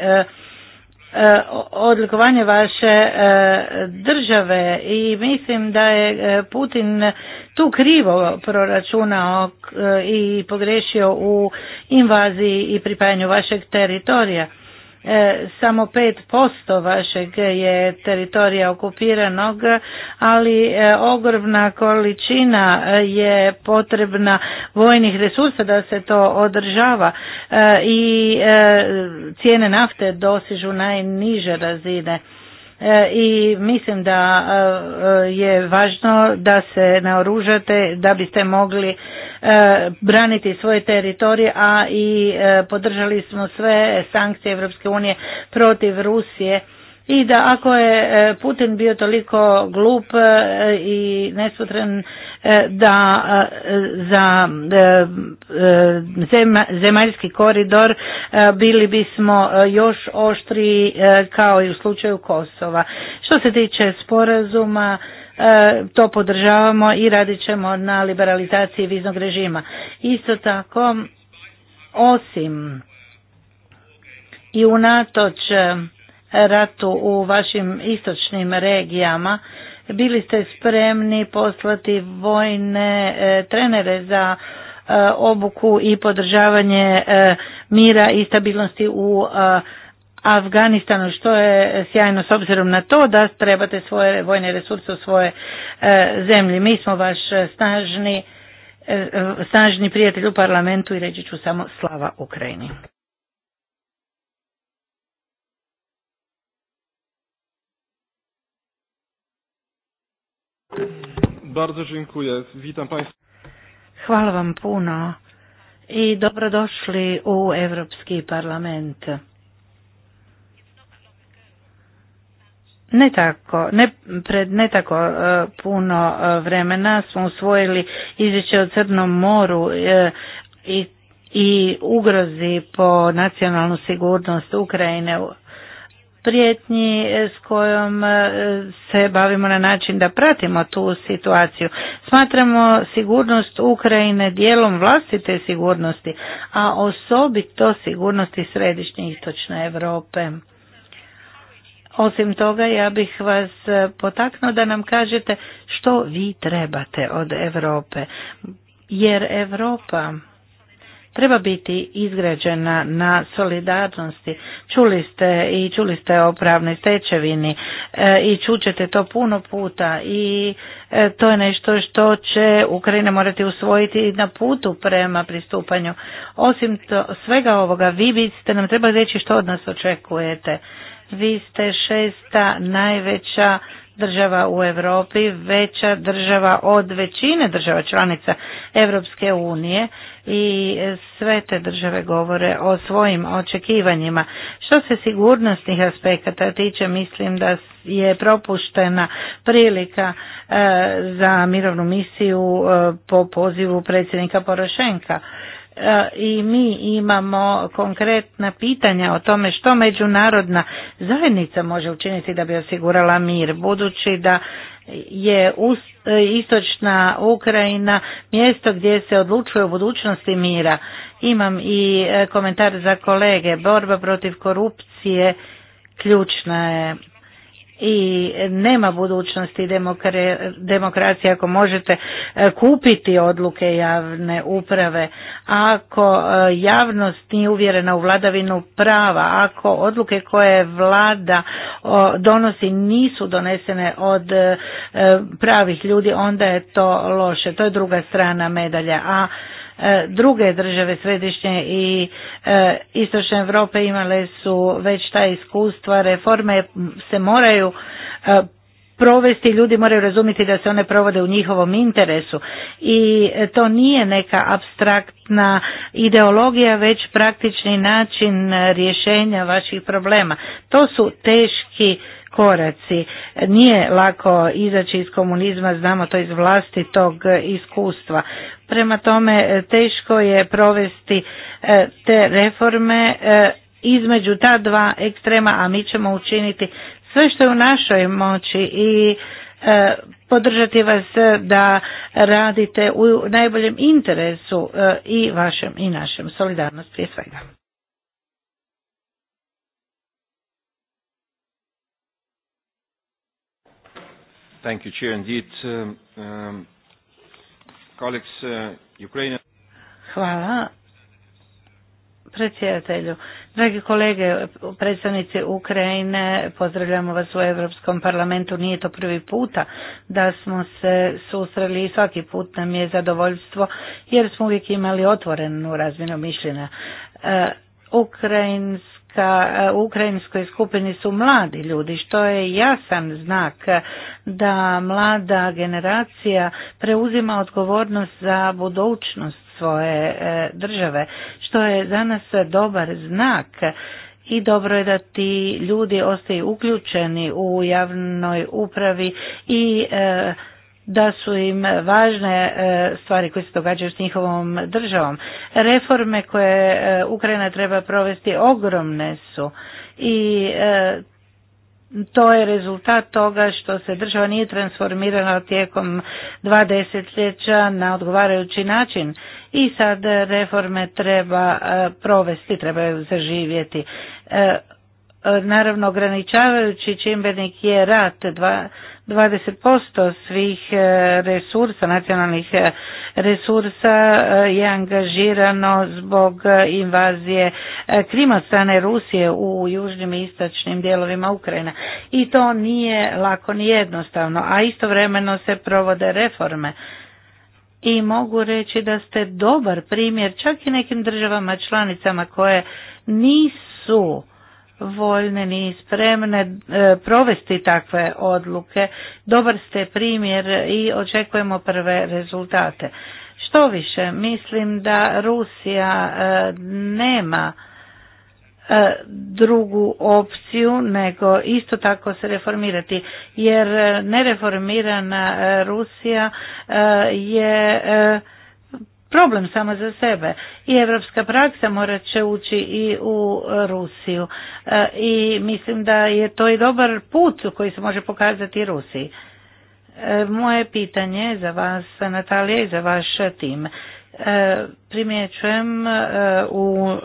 E, odlikovanje vaše e, države i mislim da je e, Putin tu krivo proračunao i pogrešio u invaziji i pripajanju vašeg teritorija. E, samo 5% vašeg je teritorija okupiranog, ali e, ogromna količina e, je potrebna vojnih resursa da se to održava i cijene nafte dosižu najniže razine E, i mislim da e, je važno da se naoružate da biste mogli e, braniti svoje teritorije, a i podržali smo sve sankcije Europske unije protiv Rusije i da ako je Putin bio toliko glup i nesutren E, da e, za e, zemaljski koridor bili bismo još oštriji kao i u slučaju Kosova. Što se tiče sporazuma, to podržavamo i radit ćemo na liberalizaciji viznog režima. Isto tako, osim i unatoč ratu u vašim istočnim regijama, bili ste spremni poslati vojne e, trenere za e, obuku i podržavanje e, mira i stabilnosti u Afganistanu, što je sjajno s obzirom na to da trebate svoje vojne resurse u svoje zemlji. Mi smo vaš snažni, snažni prijatelj u parlamentu i reći ću samo slava Ukrajini.
Bardzo dziękuję. Witam Państwa.
Hvala vam puno i dobrodošli u Evropski parlament. Ne tako, ne, pred ne tako e, puno e, vremena smo usvojili izvješće o Crnom moru e, i, i ugrozi po nacionalnu sigurnost Ukrajine prijetnji e, s kojom e, se bavimo na način da pratimo tu situaciju. Smatramo sigurnost Ukrajine dijelom vlastite sigurnosti, a osobito sigurnosti središnje istočne Europe. Osim toga, ja bih vas e, potaknuo da nam kažete što vi trebate od Europe, jer Europa treba biti izgrađena na solidarnosti. Čuli ste i čuli ste o pravnoj stečevini e, i čućete to puno puta i e, to je nešto što će Ukrajina morati usvojiti na putu prema pristupanju. Osim to, svega ovoga, vi biste nam trebali reći što od nas očekujete. Vi ste šesta najveća država u Europi, veća država od većine država članica Europske unije i sve te države govore o svojim očekivanjima. Što se sigurnosnih aspekata tiče, mislim da je propuštena prilika e, za mirovnu misiju e, po pozivu predsjednika Porošenka e, i mi imamo konkretna pitanja o tome što međunarodna zajednica može učiniti da bi osigurala mir, budući da je e, istočna Ukrajina mjesto gdje se odlučuje o budućnosti mira. Imam i e, komentar za kolege. Borba protiv korupcije ključna je i nema budućnosti demokracije ako možete e, kupiti odluke javne uprave, ako e, javnost nije uvjerena u vladavinu prava, ako odluke koje vlada donosi nisu donesene od e, pravih ljudi, onda je to loše. To je druga strana medalja. A E, druge države središnje i e, istočne Europe imale su već ta iskustva, reforme se moraju e, provesti, ljudi moraju razumjeti da se one provode u njihovom interesu i to nije neka abstraktna ideologija, već praktični način rješenja vaših problema. To su teški koraci. Nije lako izaći iz komunizma, znamo to iz vlastitog iskustva. Prema tome teško je provesti e, te reforme e, između ta dva ekstrema, a mi ćemo učiniti sve što je u našoj moći i e, podržati vas da radite u najboljem interesu i vašem i našem solidarnost prije svega.
Thank you, Chair. Um, um, uh,
Hvala predsjedatelju. Dragi kolege, predstavnici Ukrajine, pozdravljamo vas u Europskom parlamentu. Nije to prvi puta da smo se susreli i svaki put nam je zadovoljstvo jer smo uvijek imali otvorenu razmjenu mišljenja. E, Ukrajinska ka e, ukrajinskoj skupini su mladi ljudi, što je jasan znak e, da mlada generacija preuzima odgovornost za budućnost svoje e, države, što je za nas dobar znak i dobro je da ti ljudi ostaju uključeni u javnoj upravi i da su im važne e, stvari koje se događaju s njihovom državom. Reforme koje e, Ukrajina treba provesti ogromne su i e, to je rezultat toga što se država nije transformirala tijekom dva desetljeća na odgovarajući način i sad reforme treba provesti, trebaju zaživjeti. Naravno, ograničavajući čimbenik je rat, dva, 20% svih e, resursa, nacionalnih e, resursa e, je angažirano zbog invazije Krima strane Rusije u južnim i istočnim dijelovima Ukrajina. I to nije lako ni jednostavno, a istovremeno se provode reforme. I mogu reći da ste dobar primjer čak i nekim državama članicama koje nisu voljne ni spremne e, provesti takve odluke. Dobar ste primjer i očekujemo prve rezultate. Što više, mislim da Rusija e, nema e, drugu opciju nego isto tako se reformirati jer nereformirana Rusija je problem samo za sebe i evropska praksa morat će ući i u Rusiju e, i mislim da je to i dobar put koji se može pokazati Rusiji. E, moje pitanje za vas Natalija i za vaš tim. E, primjećujem u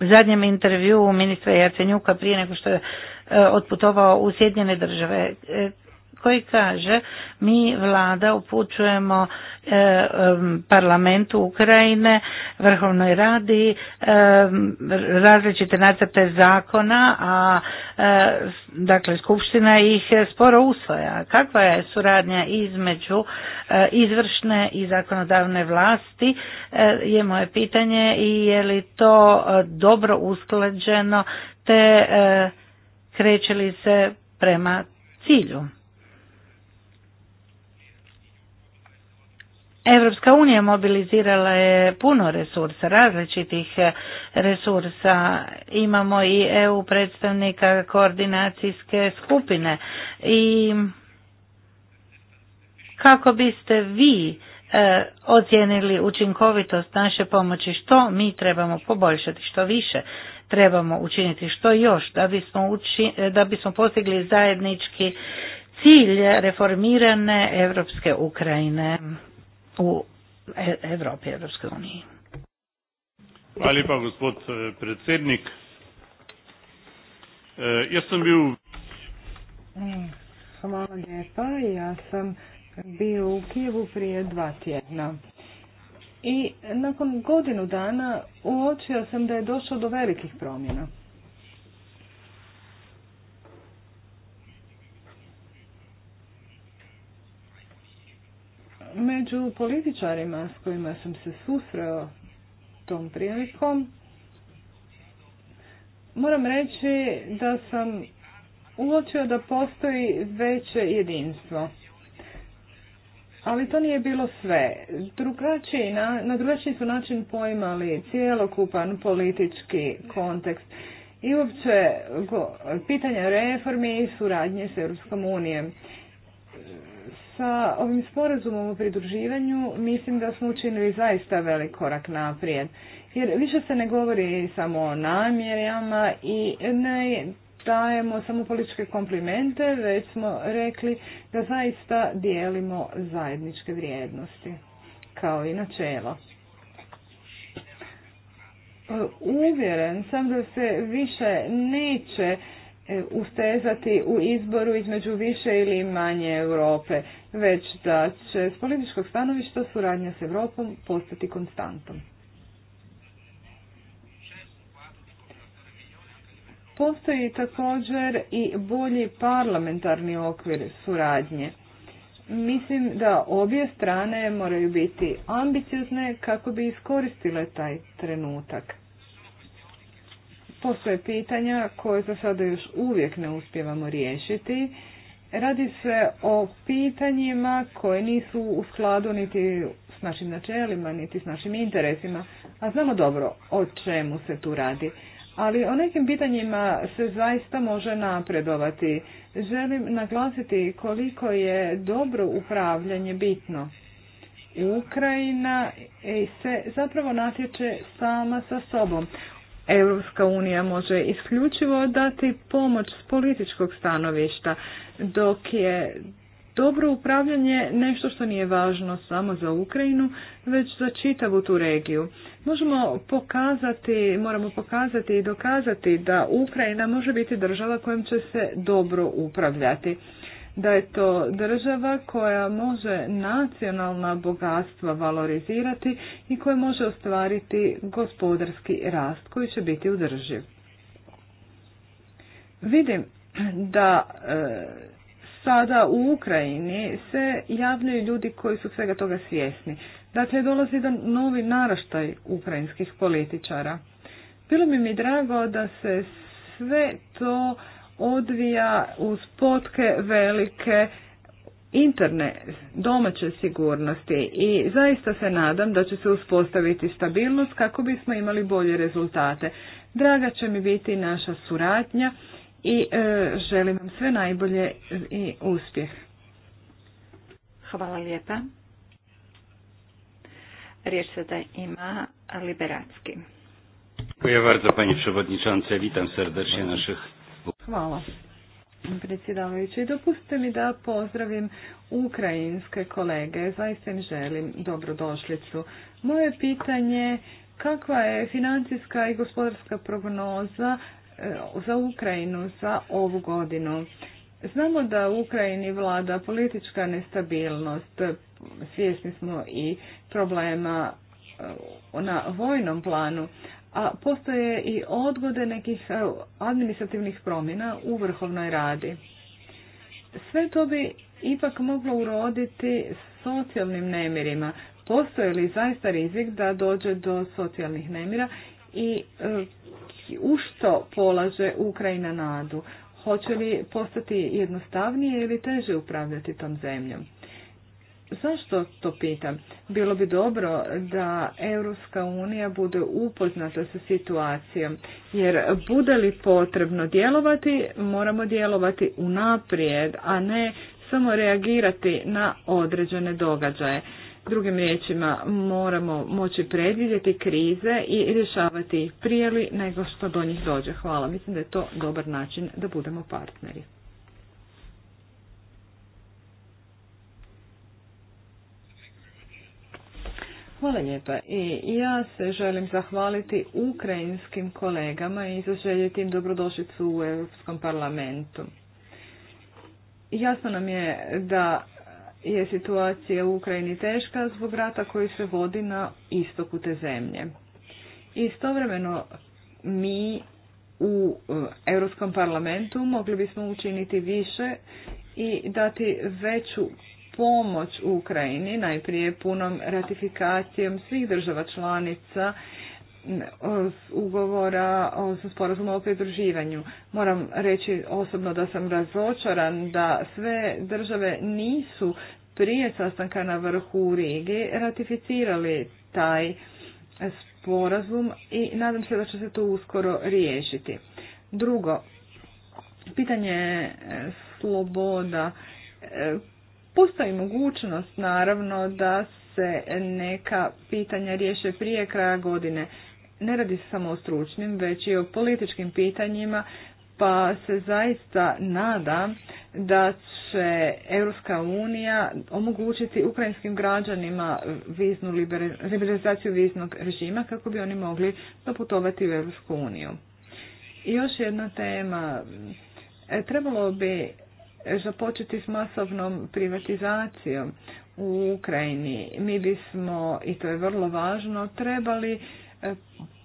zadnjem intervju ministra Jacenjuka prije nego što je otputovao u Sjedinjene države koji kaže mi vlada upućujemo e, parlamentu Ukrajine, Vrhovnoj radi različite nacrte zakona, a e, dakle skupština ih sporo usvaja. Kakva je suradnja između e, izvršne i zakonodavne vlasti je moje pitanje i je li to dobro usklađeno te kreće li se prema cilju. Evropska unija mobilizirala je puno resursa, različitih eh, resursa. Imamo i EU predstavnika koordinacijske skupine. I kako biste vi eh, ocijenili učinkovitost naše pomoći, što mi trebamo poboljšati, što više trebamo učiniti, što još da bismo, eh, da bismo postigli zajednički cilj reformirane Europske Ukrajine u e, Evropi, Evropskoj uniji.
Hvala lijepa, gospod eh, predsjednik. E, eh, sam bil...
Mm, hvala lijepa, ja sam bio u Kijevu prije dva tjedna. I nakon godinu dana uočio sam da je došlo do velikih promjena. Među političarima s kojima sam se susreo tom prilikom, moram reći da sam uočio da postoji veće jedinstvo. Ali to nije bilo sve. na, drugačiji su način pojmali cijelokupan politički kontekst i uopće pitanje reformi i suradnje s Europskom unijem sa ovim sporazumom o pridruživanju mislim da smo učinili zaista velik korak naprijed. Jer više se ne govori samo o namjerama i ne dajemo samo političke komplimente, već smo rekli da zaista dijelimo zajedničke vrijednosti, kao i načelo. Uvjeren sam da se više neće E, ustezati u izboru između više ili manje Europe, već da će s političkog stanovišta suradnja s Europom postati konstantom. Postoji također i bolji parlamentarni okvir suradnje. Mislim da obje strane moraju biti ambiciozne kako bi iskoristile taj trenutak. Postoje pitanja koje za sada još uvijek ne uspjevamo riješiti. Radi se o pitanjima koje nisu u skladu niti s našim načelima, niti s našim interesima, a znamo dobro o čemu se tu radi. Ali o nekim pitanjima se zaista može napredovati. Želim naglasiti koliko je dobro upravljanje bitno. Ukrajina se zapravo natječe sama sa sobom. Europska unija može isključivo dati pomoć s političkog stanovišta, dok je dobro upravljanje nešto što nije važno samo za Ukrajinu, već za čitavu tu regiju. Možemo pokazati, moramo pokazati i dokazati da Ukrajina može biti država kojom će se dobro upravljati da je to država koja može nacionalna bogatstva valorizirati i koja može ostvariti gospodarski rast koji će biti udrživ. Vidim da e, sada u Ukrajini se javljaju ljudi koji su svega toga svjesni. Dakle, dolazi jedan novi naraštaj ukrajinskih političara. Bilo bi mi drago da se sve to odvija uz potke velike interne domaće sigurnosti i zaista se nadam da će se uspostaviti stabilnost kako bismo imali bolje rezultate. Draga će mi biti naša suradnja i e, želim vam sve najbolje i uspjeh. Hvala lijepa.
Riječ da ima Liberacki.
Dziękuję bardzo Panie Przewodniczący. Witam serdecznie naszych
Hvala predsjedavajući. Dopustite mi da pozdravim ukrajinske kolege. Zaista im želim dobrodošlicu. Moje pitanje kakva je financijska i gospodarska prognoza e, za Ukrajinu za ovu godinu? Znamo da u Ukrajini vlada politička nestabilnost. Svjesni smo i problema e, na vojnom planu, a postoje i odgode nekih e, administrativnih promjena u vrhovnoj radi. Sve to bi ipak moglo uroditi socijalnim nemirima. Postoje li zaista rizik da dođe do socijalnih nemira i e, u što polaže Ukrajina nadu? Hoće li postati jednostavnije ili teže upravljati tom zemljom? Zašto to pitam? Bilo bi dobro da Europska unija bude upoznata sa situacijom, jer bude li potrebno djelovati, moramo djelovati unaprijed, a ne samo reagirati na određene događaje. Drugim riječima, moramo moći predvidjeti krize i rješavati ih prije nego što do njih dođe. Hvala, mislim da je to dobar način da budemo partneri. Hvala lijepa. I ja se želim zahvaliti ukrajinskim kolegama i zaželjeti im dobrodošlicu u Europskom parlamentu. Jasno nam je da je situacija u Ukrajini teška zbog rata koji se vodi na istoku te zemlje. Istovremeno mi u e, Europskom parlamentu mogli bismo učiniti više i dati veću pomoć Ukrajini, najprije punom ratifikacijom svih država članica ugovora o sporazumu o pridruživanju. Moram reći osobno da sam razočaran da sve države nisu prije sastanka na vrhu u Rigi ratificirali taj sporazum i nadam se da će se to uskoro riješiti. Drugo, pitanje e, sloboda e, Postoji mogućnost naravno da se neka pitanja riješe prije kraja godine. Ne radi se samo o stručnim, već i o političkim pitanjima, pa se zaista nada da će Europska unija omogućiti ukrajinskim građanima viznu liberalizaciju viznog režima kako bi oni mogli doputovati u Europsku uniju. I još jedna tema. E, trebalo bi započeti s masovnom privatizacijom u Ukrajini. Mi bismo, i to je vrlo važno, trebali e,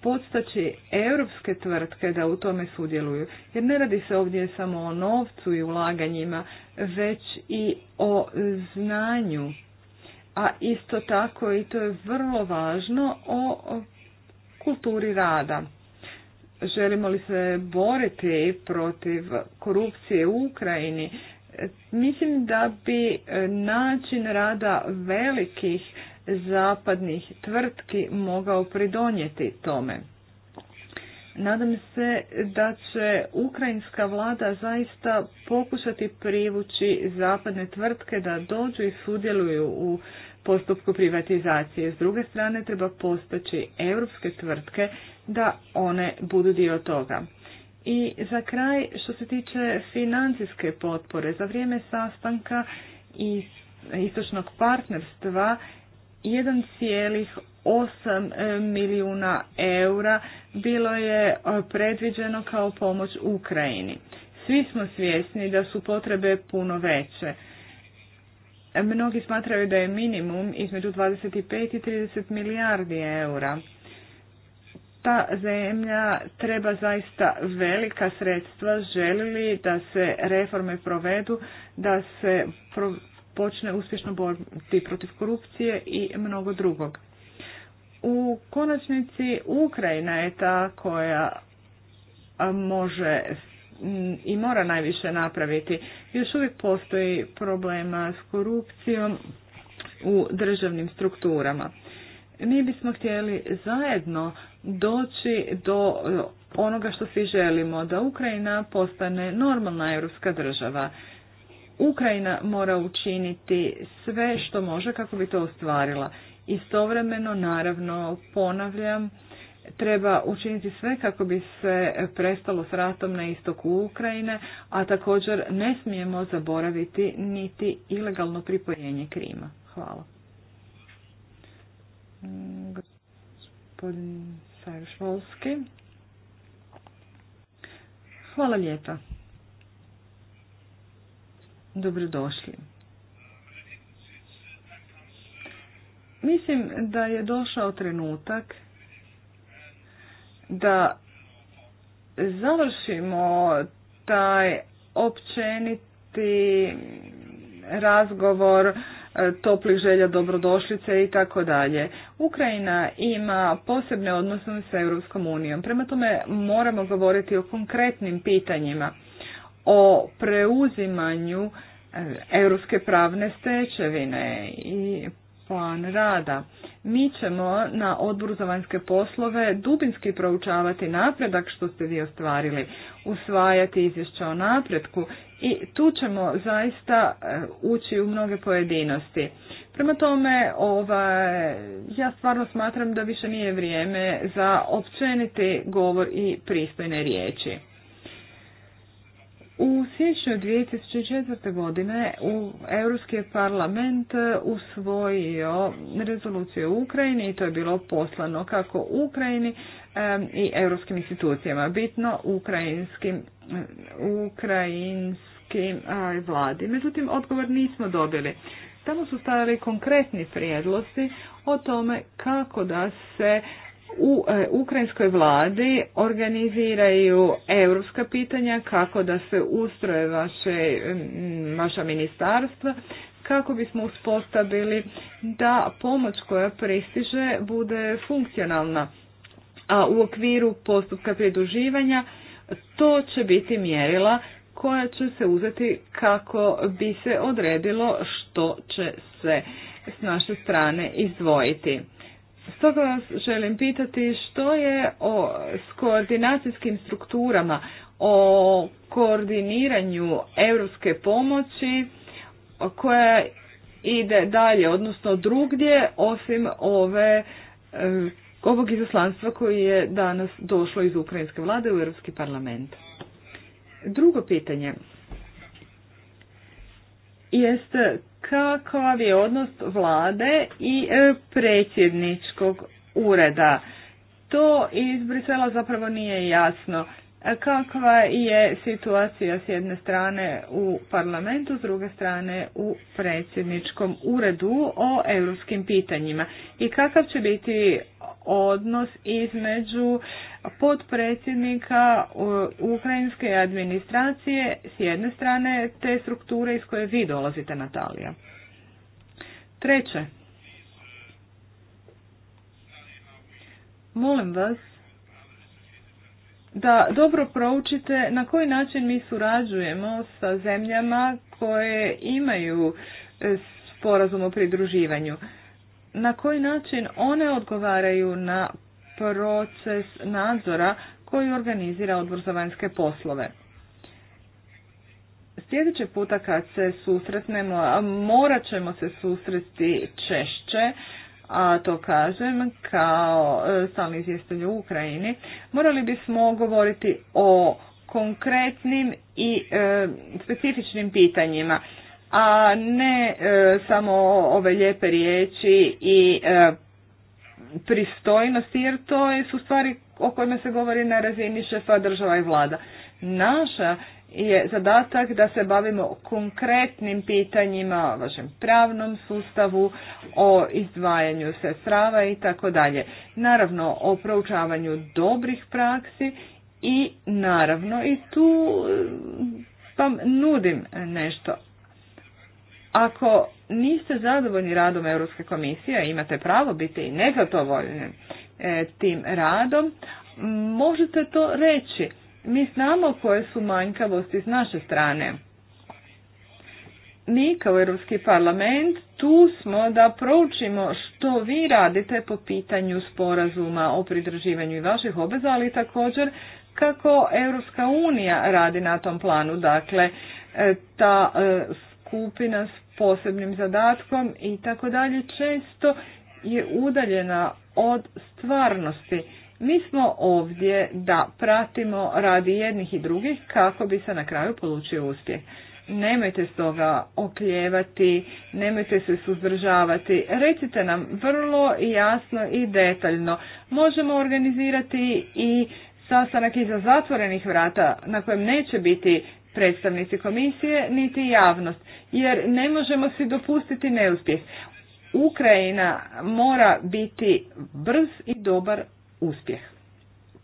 podstaći europske tvrtke da u tome sudjeluju. Jer ne radi se ovdje samo o novcu i ulaganjima, već i o znanju. A isto tako, i to je vrlo važno, o kulturi rada želimo li se boriti protiv korupcije u Ukrajini, mislim da bi način rada velikih zapadnih tvrtki mogao pridonijeti tome. Nadam se da će ukrajinska vlada zaista pokušati privući zapadne tvrtke da dođu i sudjeluju u postupku privatizacije. S druge strane treba postaći europske tvrtke da one budu dio toga. I za kraj, što se tiče financijske potpore, za vrijeme sastanka i istočnog partnerstva 1,8 e, milijuna eura bilo je e, predviđeno kao pomoć Ukrajini. Svi smo svjesni da su potrebe puno veće. Mnogi smatraju da je minimum između 25 i 30 milijardi eura ta zemlja treba zaista velika sredstva želili da se reforme provedu, da se počne uspješno boriti protiv korupcije i mnogo drugog. U konačnici Ukrajina je ta koja može i mora najviše napraviti. Još uvijek postoji problema s korupcijom u državnim strukturama. Mi bismo htjeli zajedno doći do e, onoga što svi želimo, da Ukrajina postane normalna europska država. Ukrajina mora učiniti sve što može kako bi to ostvarila. Istovremeno, naravno, ponavljam, treba učiniti sve kako bi se prestalo s ratom na istoku Ukrajine, a također ne smijemo zaboraviti niti ilegalno pripojenje Krima. Hvala. Mm, gospodin Sajruš Hvala lijepa. Dobrodošli. Mislim da je došao trenutak da završimo taj općeniti razgovor toplih želja dobrodošlice i tako dalje. Ukrajina ima posebne odnose sa Europskom unijom. Prema tome moramo govoriti o konkretnim pitanjima, o preuzimanju e, europske pravne stečevine i plan rada. Mi ćemo na odboru za vanjske poslove dubinski proučavati napredak što ste vi ostvarili, usvajati izvješća o napretku i tu ćemo zaista e, ući u mnoge pojedinosti. Prema tome, ovaj, ja stvarno smatram da više nije vrijeme za općeniti govor i pristojne riječi. U siječnju 2004. godine u Europski parlament e, usvojio rezoluciju u Ukrajini i to je bilo poslano kako Ukrajini, i europskim institucijama, bitno ukrajinskim, ukrajinskim vladi. Međutim, odgovor nismo dobili. Tamo su stavili konkretni prijedlosti o tome kako da se u e, ukrajinskoj vladi organiziraju europska pitanja, kako da se ustroje vaše, vaša ministarstva, kako bismo uspostavili da pomoć koja pristiže bude funkcionalna a u okviru postupka pridruživanja to će biti mjerila koja će se uzeti kako bi se odredilo što će se s naše strane izdvojiti. Stoga vas želim pitati što je o, s koordinacijskim strukturama, o koordiniranju europske pomoći koja ide dalje, odnosno drugdje, osim ove e, ovog izaslanstva koji je danas došlo iz ukrajinske vlade u Europski parlament. Drugo pitanje jest kakav je odnos vlade i e, predsjedničkog ureda. To iz Brisela zapravo nije jasno. E, kakva je situacija s jedne strane u parlamentu, s druge strane u predsjedničkom uredu o europskim pitanjima i kakav će biti odnos između podpredsjednika e, ukrajinske administracije s jedne strane te strukture iz koje vi dolazite Natalija. Treće, molim vas da dobro proučite na koji način mi surađujemo sa zemljama koje imaju e, sporazum o pridruživanju. Na koji način one odgovaraju na proces nadzora koji organizira odbor za vanjske poslove. Sljedeće puta kad se susretnemo, a morat ćemo se susresti češće, a to kažem kao e, stalni izvjestelj u Ukrajini, morali bismo govoriti o konkretnim i e, specifičnim pitanjima, a ne e, samo ove lijepe riječi i e, pristojnosti, jer to su stvari o kojima se govori na razini šefa država i vlada. Naša je zadatak da se bavimo konkretnim pitanjima o vašem pravnom sustavu, o izdvajanju sredstava i tako dalje. Naravno o proučavanju dobrih praksi i naravno i tu eh, vam nudim nešto. Ako niste zadovoljni radom Europske komisije, imate pravo biti i nezadovoljni eh, tim radom, možete to reći mi znamo koje su manjkavosti s naše strane. Mi kao Europski parlament tu smo da proučimo što vi radite po pitanju sporazuma o pridrživanju i vaših obveza, ali također kako Europska unija radi na tom planu. Dakle, e, ta e, skupina s posebnim zadatkom i tako dalje često je udaljena od stvarnosti mi smo ovdje da pratimo radi jednih i drugih kako bi se na kraju polučio uspjeh. Nemojte stoga okljevati, nemojte se suzdržavati. Recite nam vrlo jasno i detaljno. Možemo organizirati i sastanak iza zatvorenih vrata na kojem neće biti predstavnici komisije niti javnost, jer ne možemo si dopustiti neuspjeh. Ukrajina mora biti brz i dobar uspjeh.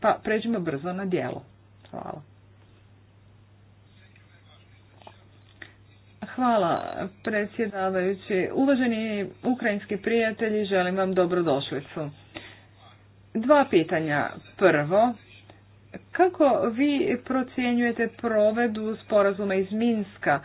Pa pređimo brzo na dijelo. Hvala. Hvala predsjedavajući. Uvaženi ukrajinski prijatelji, želim vam dobrodošlicu. Dva pitanja. Prvo, kako vi procjenjujete provedu sporazuma iz Minska?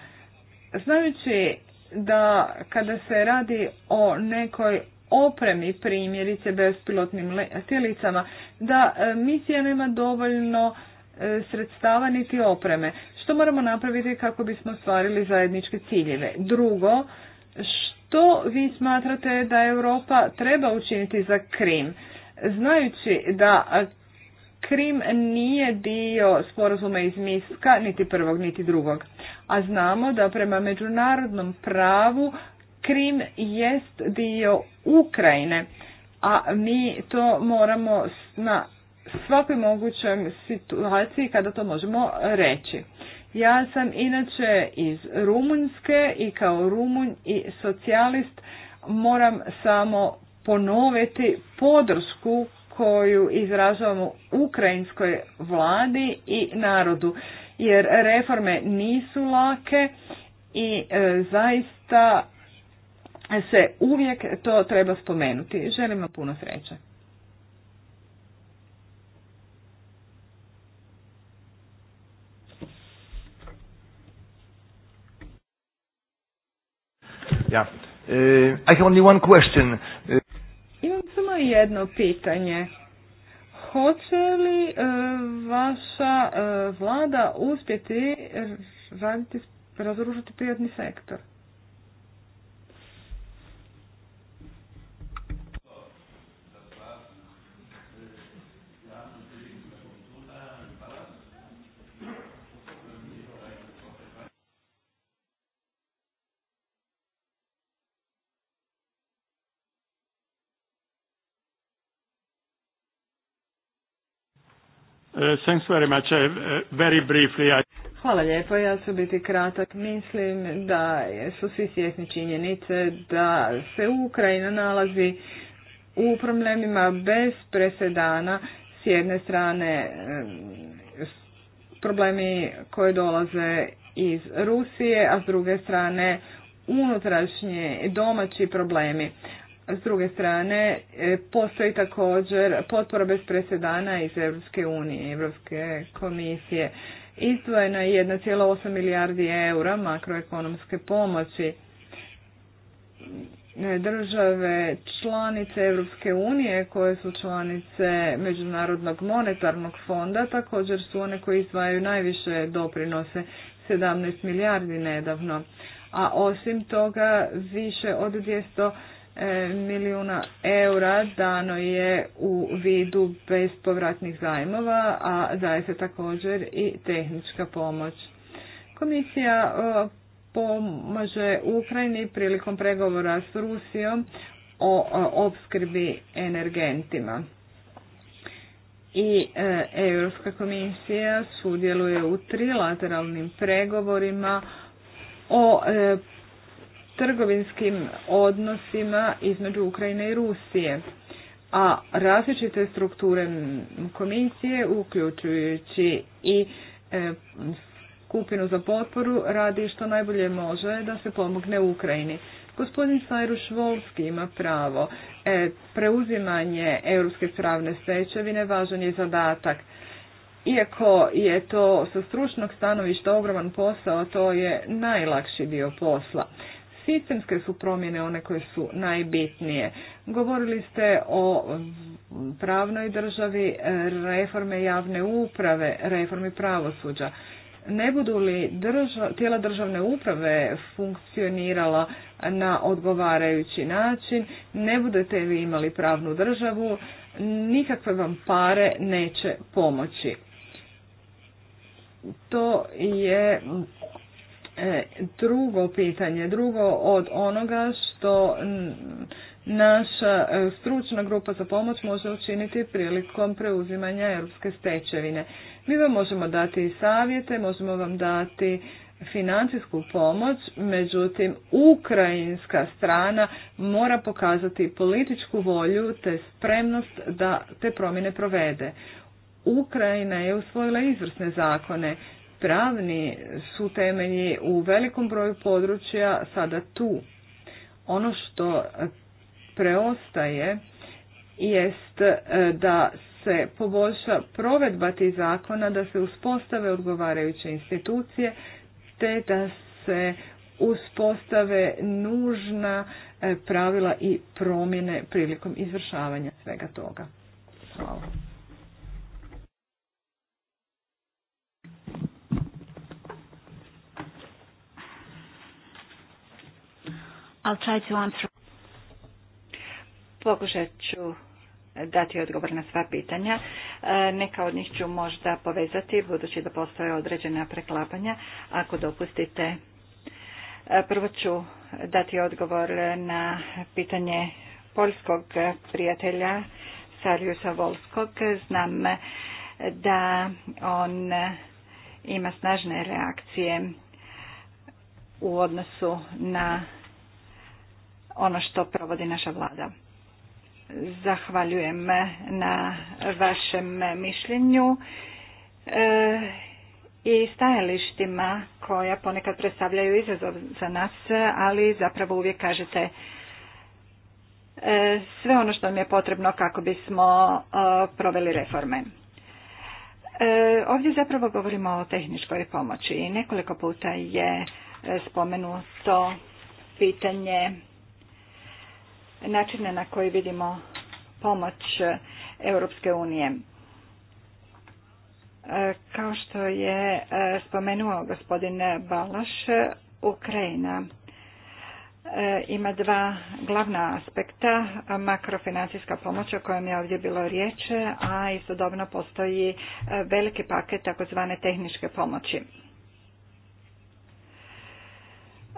Znajući da kada se radi o nekoj opremi, primjerice bespilotnim letjelicama, da e, misija nema dovoljno e, sredstava niti opreme. Što moramo napraviti kako bismo stvarili zajedničke ciljeve? Drugo, što vi smatrate da Europa treba učiniti za Krim? Znajući da e, Krim nije dio sporazuma iz Miska, niti prvog, niti drugog. A znamo da prema međunarodnom pravu Krim jest dio Ukrajine, a mi to moramo na svakoj mogućoj situaciji kada to možemo reći. Ja sam inače iz Rumunjske i kao Rumunj i socijalist moram samo ponoviti podršku koju izražavamo ukrajinskoj vladi i narodu jer reforme nisu lake i e, zaista se uvijek to treba spomenuti. Želim vam puno sreće.
Ja. Eh, I only one question. Eh,
Imam samo jedno pitanje. Hoće li eh, vaša vlada uspjeti razružiti privatni sektor?
Uh, uh,
Hvala lijepo, ja ću biti kratak. Mislim da su svi svjesni činjenice da se Ukrajina nalazi u problemima bez presedana s jedne strane um, problemi koje dolaze iz Rusije, a s druge strane unutrašnje domaći problemi. S druge strane, e, postoji također potpora bez presedana iz Europske unije, Europske komisije. Izdvojeno je 1,8 milijardi eura makroekonomske pomoći. E, države članice Europske unije koje su članice Međunarodnog monetarnog fonda također su one koje izdvajaju najviše doprinose 17 milijardi nedavno. A osim toga više od 200 milijuna eura dano je u vidu bespovratnih zajmova, a daje se također i tehnička pomoć. Komisija pomaže Ukrajini prilikom pregovora s Rusijom o opskrbi energentima. I e, Europska komisija sudjeluje u trilateralnim pregovorima o e, trgovinskim odnosima između Ukrajine i Rusije. A različite strukture komisije, uključujući i e, skupinu za potporu, radi što najbolje može da se pomogne Ukrajini. Gospodin Sajruš Volski ima pravo. E, preuzimanje europske pravne stečevine važan je zadatak. Iako je to sa stručnog stanovišta ogroman posao, to je najlakši dio posla sistemske su promjene one koje su najbitnije. Govorili ste o pravnoj državi, reforme javne uprave, reformi pravosuđa. Ne budu li tijela državne uprave funkcionirala na odgovarajući način, ne budete vi imali pravnu državu, nikakve vam pare neće pomoći. To je E, drugo pitanje, drugo od onoga što naša e, stručna grupa za pomoć može učiniti prilikom preuzimanja europske stečevine. Mi vam možemo dati savjete, možemo vam dati financijsku pomoć, međutim ukrajinska strana mora pokazati političku volju te spremnost da te promjene provede. Ukrajina je usvojila izvrsne zakone pravni su temelji u velikom broju područja sada tu. Ono što preostaje jest e, da se poboljša provedba tih zakona, da se uspostave odgovarajuće institucije, te da se uspostave nužna e, pravila i promjene prilikom izvršavanja svega toga. Hvala.
I'll to answer. Pokušat ću dati odgovor na sva pitanja. E, neka od njih ću možda povezati, budući da postoje određena preklapanja, ako dopustite. E, prvo ću dati odgovor na pitanje poljskog prijatelja Sarjusa Volskog. Znam da on ima snažne reakcije u odnosu na ono što provodi naša vlada. Zahvaljujem na vašem mišljenju e, i stajalištima koja ponekad predstavljaju izazov za nas, ali zapravo uvijek kažete e, sve ono što nam je potrebno kako bismo e, proveli reforme. Ovdje zapravo govorimo o tehničkoj pomoći i nekoliko puta je spomenuto pitanje načine na koji vidimo pomoć eh, Europske unije. Eh, kao što je eh, spomenuo gospodin Balaš, Ukrajina ima dva glavna aspekta, makrofinancijska pomoć o kojem je ovdje bilo riječ, a istodobno postoji veliki paket takozvane tehničke pomoći.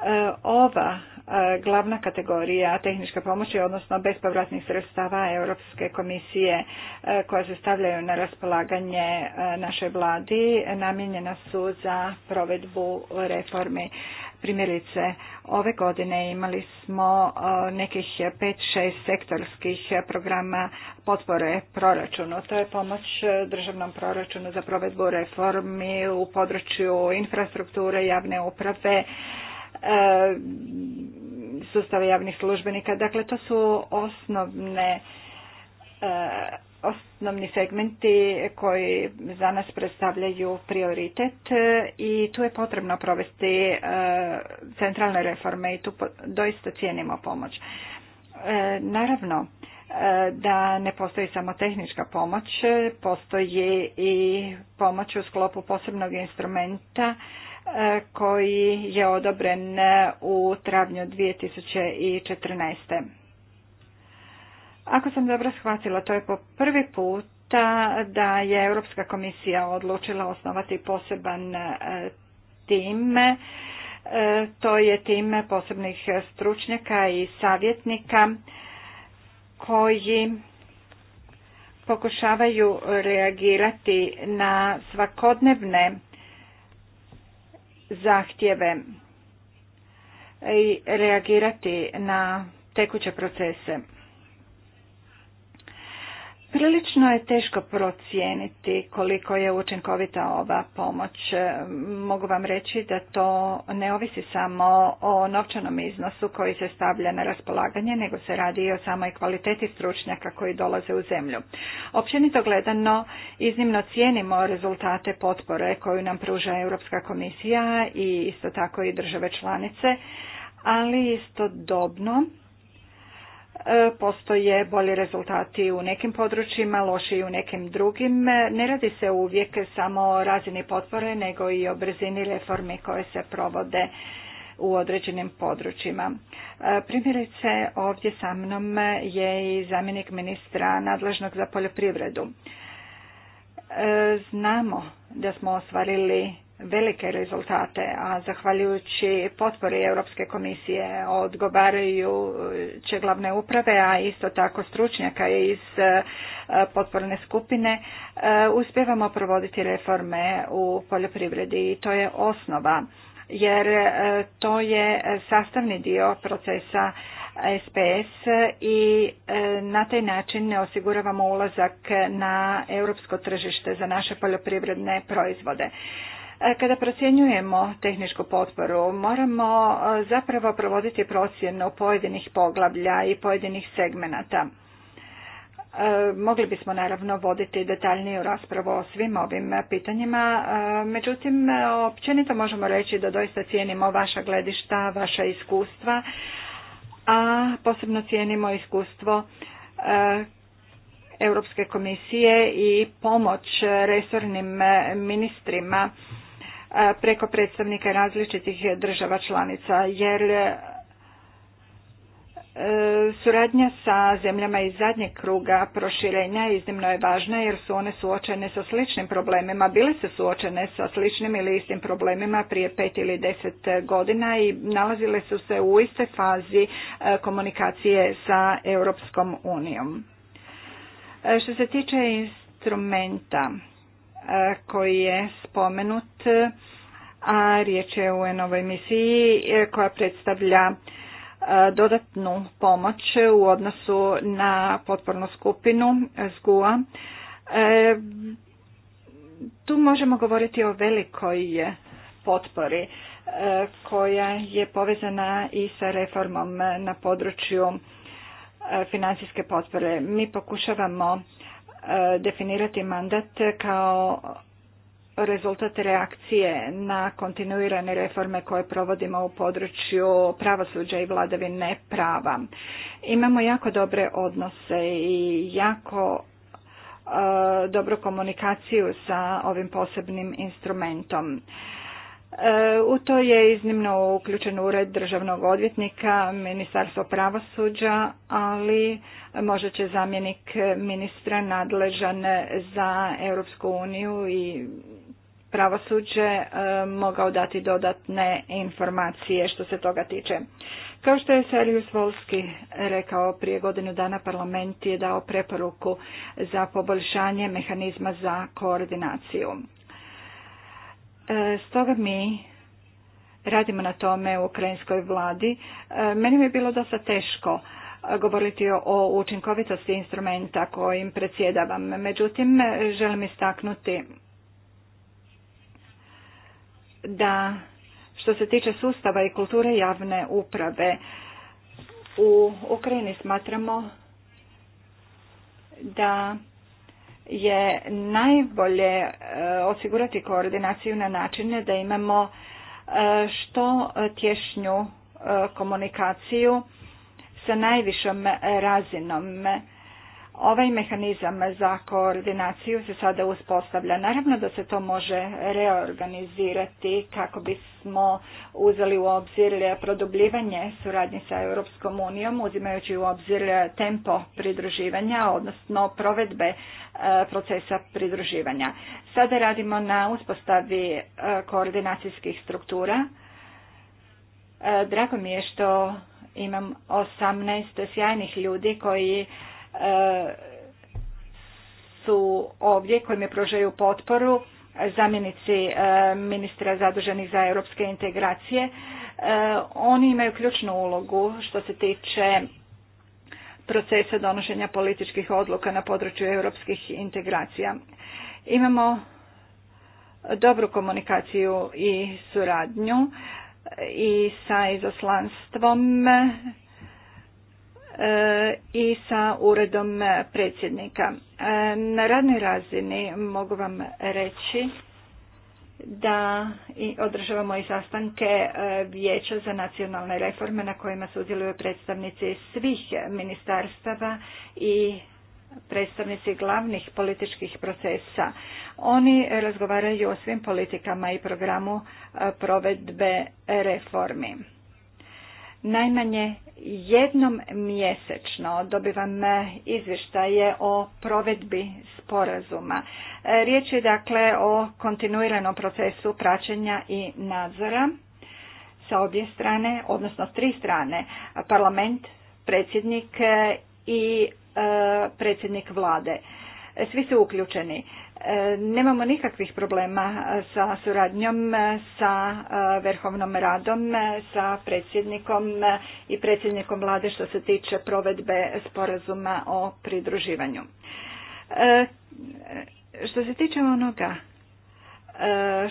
E, ova e, glavna kategorija tehničke pomoći, odnosno bespovratnih sredstava Europske komisije e, koja se stavljaju na raspolaganje našoj vladi, namijenjena su za provedbu reformi. Primjerice, ove godine imali smo nekih 5-6 sektorskih programa potpore proračunu. To je pomoć državnom proračunu za provedbu reformi u području infrastrukture, javne uprave, E, sustava javnih službenika. Dakle, to su osnovne e, osnovni segmenti koji za nas predstavljaju prioritet i tu je potrebno provesti e, centralne reforme i tu doista cijenimo pomoć. Naravno da ne postoji samo tehnička pomoć, postoji i pomoć u sklopu posebnog instrumenta E, koji je odobren e, u travnju 2014. Ako sam dobro shvatila, to je po prvi puta da je Europska komisija odlučila osnovati poseban e, tim. To je tim posebnih stručnjaka i savjetnika koji pokušavaju reagirati na svakodnevne zahtjeve i reagirati na tekuće procese. Prilično je teško procijeniti koliko je učinkovita ova pomoć. Mogu vam reći da to ne ovisi samo o novčanom iznosu koji se stavlja na raspolaganje, nego se radi i o samoj kvaliteti stručnjaka koji dolaze u zemlju. Općenito gledano, iznimno cijenimo rezultate potpore koju nam pruža Europska komisija i isto tako i države članice, ali istodobno E, postoje bolji rezultati u nekim područjima, loši u nekim drugim. Ne radi se uvijek samo o razini potpore, nego i o brzini reformi koje se provode u određenim područjima. E, primjerice, ovdje sa mnom je i zamjenik ministra nadležnog za poljoprivredu. E, znamo da smo ostvarili velike rezultate, a zahvaljujući potpori Europske komisije odgovaraju e, će glavne uprave, a isto tako stručnjaka iz e, potporne skupine, e, uspjevamo provoditi reforme u poljoprivredi i to je osnova jer to je sastavni dio procesa SPS i na taj način ne osiguravamo ulazak na europsko tržište za naše poljoprivredne proizvode. E, kada procjenjujemo tehničku potporu, moramo e, zapravo provoditi procjenu pojedinih poglavlja i pojedinih segmenata. E, mogli bismo naravno voditi detaljniju raspravu o svim ovim pitanjima, međutim općenito možemo reći da doista cijenimo vaša gledišta, vaša iskustva, a posebno cijenimo iskustvo Europske komisije i pomoć resornim ministrima preko predstavnika različitih država članica, jer e, Suradnja sa zemljama iz zadnjeg kruga proširenja iznimno je važna jer su one suočene sa sličnim problemima. Bile su suočene sa sličnim ili istim problemima prije pet ili deset godina i nalazile su se u istoj fazi e, komunikacije sa Europskom unijom. E, što se tiče instrumenta koji je spomenut, a riječ je o novoj misiji e, koja predstavlja e, dodatnu pomoć u odnosu na potpornu skupinu SGUA. E, tu možemo govoriti o velikoj potpori koja je povezana i sa reformom na području financijske potpore. Mi pokušavamo definirati mandat kao rezultat reakcije na kontinuirane reforme koje provodimo u području pravosuđa i vladavine prava. Imamo jako dobre odnose i jako e, dobru komunikaciju sa ovim posebnim instrumentom. U to je iznimno uključen ured državnog odvjetnika, ministarstvo pravosuđa, ali možda će zamjenik ministra nadležan za Europsku uniju i pravosuđe e, mogao dati dodatne informacije što se toga tiče. Kao što je Serius Volski rekao prije godinu dana, parlament je dao preporuku za poboljšanje mehanizma za koordinaciju. E, stoga mi radimo na tome u ukrajinskoj vladi. E, meni mi je bilo dosta teško e, govoriti o učinkovitosti instrumenta kojim predsjedavam. Međutim, želim istaknuti da što se tiče sustava i kulture javne uprave u Ukrajini smatramo da je najbolje e, osigurati koordinaciju na način da imamo e, što tješnju e, komunikaciju sa najvišom razinom Ovaj mehanizam za koordinaciju se sada uspostavlja. Naravno da se to može reorganizirati kako bismo uzeli u obzir produbljivanje suradnje sa Europskom unijom, uzimajući u obzir tempo pridruživanja, odnosno provedbe e, procesa pridruživanja. Sada radimo na uspostavi e, koordinacijskih struktura. E, drago mi je što imam 18 sjajnih ljudi koji su ovdje koji mi pružaju potporu zamjenici e, ministra zaduženih za europske integracije. E, oni imaju ključnu ulogu što se tiče procesa donošenja političkih odluka na području europskih integracija. Imamo dobru komunikaciju i suradnju e, i sa izoslanstvom E, i sa uredom predsjednika. E, na radnoj razini mogu vam reći da održavamo i sastanke e, Vijeća za nacionalne reforme na kojima sudjeluju predstavnici svih ministarstava i predstavnici glavnih političkih procesa. Oni razgovaraju o svim politikama i programu provedbe reformi. Najmanje jednom mjesečno dobivam e, izvještaje o provedbi sporazuma. E, riječ je dakle o kontinuiranom procesu praćenja i nadzora sa obje strane, odnosno s tri strane, parlament, predsjednik e, i predsjednik vlade. Svi su uključeni. E, nemamo nikakvih problema sa suradnjom, sa e, Vrhovnom radom, sa predsjednikom e, i predsjednikom vlade što se tiče provedbe sporazuma o pridruživanju. Što se tiče onoga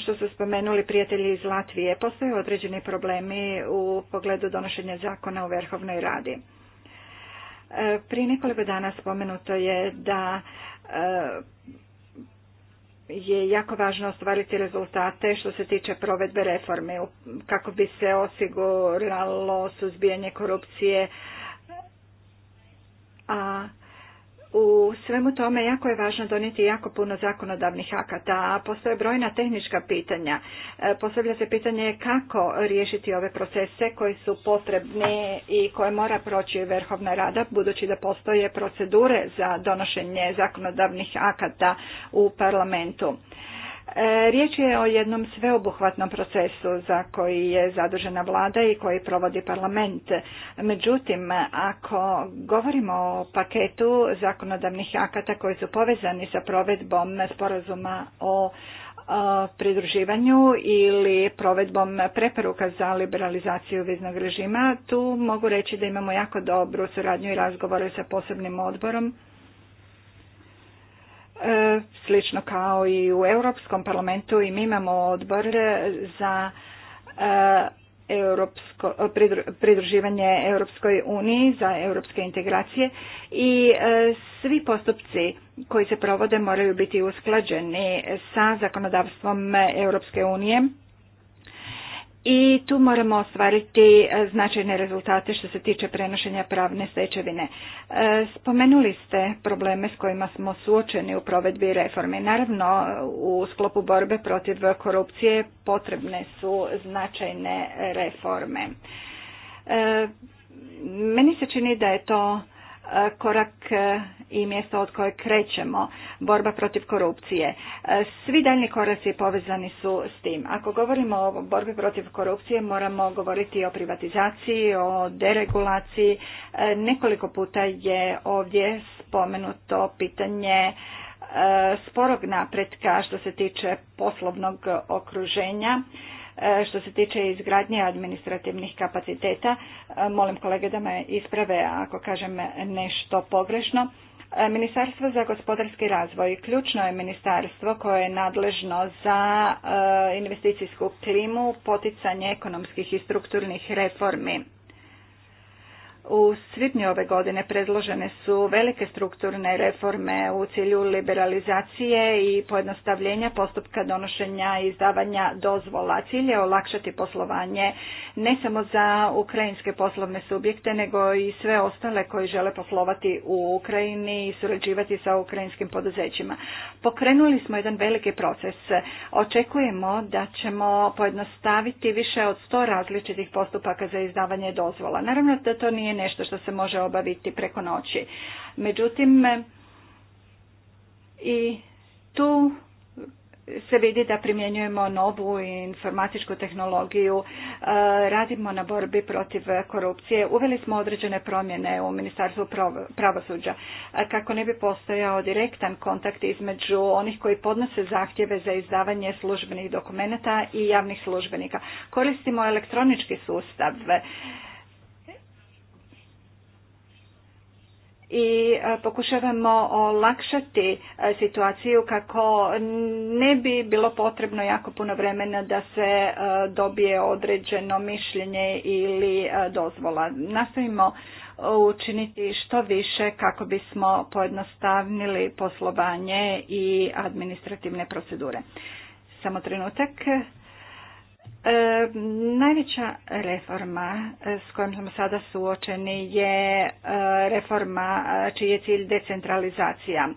što su spomenuli prijatelji iz Latvije, postoje određeni problemi u pogledu donošenja zakona u Vrhovnoj radi. Prije nekoliko dana spomenuto je da je jako važno ostvariti rezultate što se tiče provedbe reforme kako bi se osiguralo suzbijanje korupcije, a u svemu tome jako je važno donijeti jako puno zakonodavnih akata, a postoje brojna tehnička pitanja. E, postavlja se pitanje kako riješiti ove procese koji su potrebni i koje mora proći Vrhovna rada, budući da postoje procedure za donošenje zakonodavnih akata u parlamentu. E, riječ je o jednom sveobuhvatnom procesu za koji je zadužena vlada i koji provodi parlament. Međutim, ako govorimo o paketu zakonodavnih akata koji su povezani sa provedbom sporazuma o e, pridruživanju ili provedbom preporuka za liberalizaciju viznog režima, tu mogu reći da imamo jako dobru suradnju i razgovore sa posebnim odborom E, slično kao i u Europskom parlamentu i mi imamo odbor za e, europsko, pridruživanje Europskoj uniji za europske integracije i e, svi postupci koji se provode moraju biti usklađeni sa zakonodavstvom Europske unije i tu moramo ostvariti e, značajne rezultate što se tiče prenošenja pravne stečevine. E, spomenuli ste probleme s kojima smo suočeni u provedbi reforme. Naravno, u sklopu borbe protiv korupcije potrebne su značajne reforme. E, meni se čini da je to korak e, i mjesto od koje krećemo, borba protiv korupcije. E, svi daljni koraci povezani su s tim. Ako govorimo o borbi protiv korupcije, moramo govoriti o privatizaciji, o deregulaciji. E, nekoliko puta je ovdje spomenuto pitanje sporog napretka što se tiče poslovnog okruženja E, što se tiče izgradnje administrativnih kapaciteta, e, molim kolege da me isprave ako kažem nešto pogrešno. E, ministarstvo za gospodarski razvoj ključno je ministarstvo koje je nadležno za investicijsku klimu, poticanje ekonomskih i strukturnih reformi. U svibnju ove godine predložene su velike strukturne reforme u cilju liberalizacije i pojednostavljenja postupka donošenja i izdavanja dozvola. Cilj je olakšati poslovanje ne samo za ukrajinske poslovne subjekte, nego i sve ostale koji žele poslovati u Ukrajini i surađivati sa ukrajinskim poduzećima. Pokrenuli smo jedan veliki proces. Očekujemo da ćemo pojednostaviti više od sto različitih postupaka za izdavanje dozvola. Naravno da to nije nešto što se može obaviti preko noći. Međutim, i tu se vidi da primjenjujemo novu informatičku tehnologiju, e, radimo na borbi protiv korupcije, uveli smo određene promjene u Ministarstvu pravosuđa e, kako ne bi postojao direktan kontakt između onih koji podnose zahtjeve za izdavanje službenih dokumenata i javnih službenika. Koristimo elektronički sustav i e, pokušavamo olakšati e, situaciju kako ne bi bilo potrebno jako puno vremena da se e, dobije određeno mišljenje ili dozvola. Nastavimo učiniti što više kako bismo pojednostavnili poslovanje i administrativne procedure. Samo trenutak. E, najveća reforma e, s kojom smo sada suočeni je e, reforma čiji je cilj decentralizacija.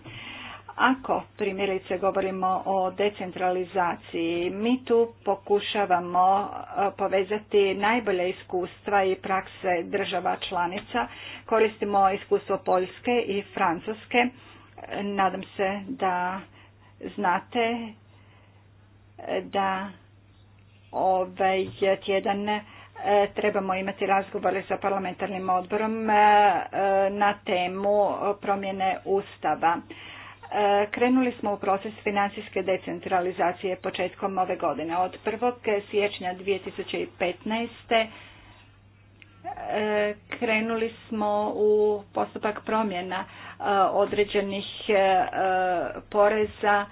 Ako primjerice govorimo o decentralizaciji, mi tu pokušavamo povezati najbolje iskustva i prakse država članica. Koristimo iskustvo Poljske i Francuske. Nadam se da znate da ovaj tjedan e, trebamo imati razgovore sa parlamentarnim odborom e, na temu promjene ustava. E, krenuli smo u proces financijske decentralizacije početkom ove godine. Od 1. siječnja 2015 krenuli smo u postupak promjena određenih poreza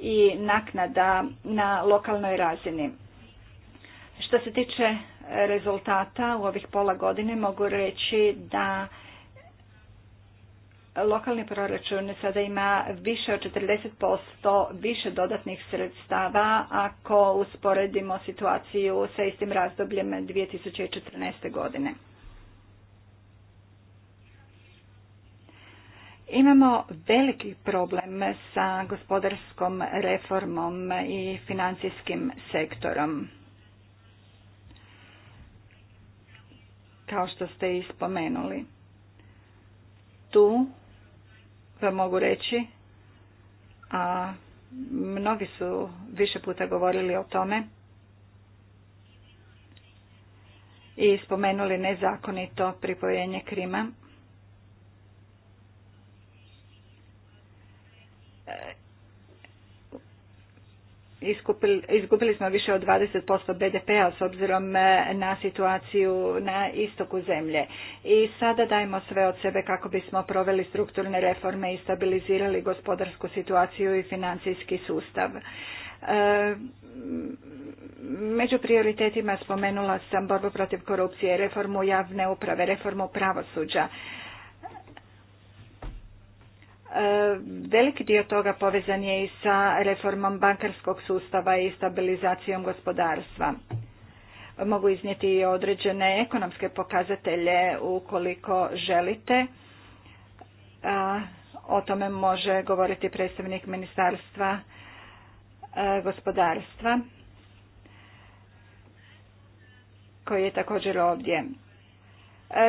i naknada na lokalnoj razini. Što se tiče rezultata u ovih pola godine mogu reći da lokalni proračun sada ima više od 40% više dodatnih sredstava ako usporedimo situaciju sa istim razdobljem 2014. godine. Imamo veliki problem sa gospodarskom reformom i financijskim sektorom. kao što ste i spomenuli. Tu vam mogu reći, a mnogi su više puta govorili o tome i spomenuli nezakonito pripojenje Krima. izgubili smo više od 20% BDP-a s obzirom e, na situaciju na istoku zemlje. I sada dajemo sve od sebe kako bismo proveli strukturne reforme i stabilizirali gospodarsku situaciju i financijski sustav. E, među prioritetima spomenula sam borbu protiv korupcije, reformu javne uprave, reformu pravosuđa. Veliki dio toga povezan je i sa reformom bankarskog sustava i stabilizacijom gospodarstva. Mogu iznijeti i određene ekonomske pokazatelje ukoliko želite. O tome može govoriti predstavnik Ministarstva gospodarstva koji je također ovdje.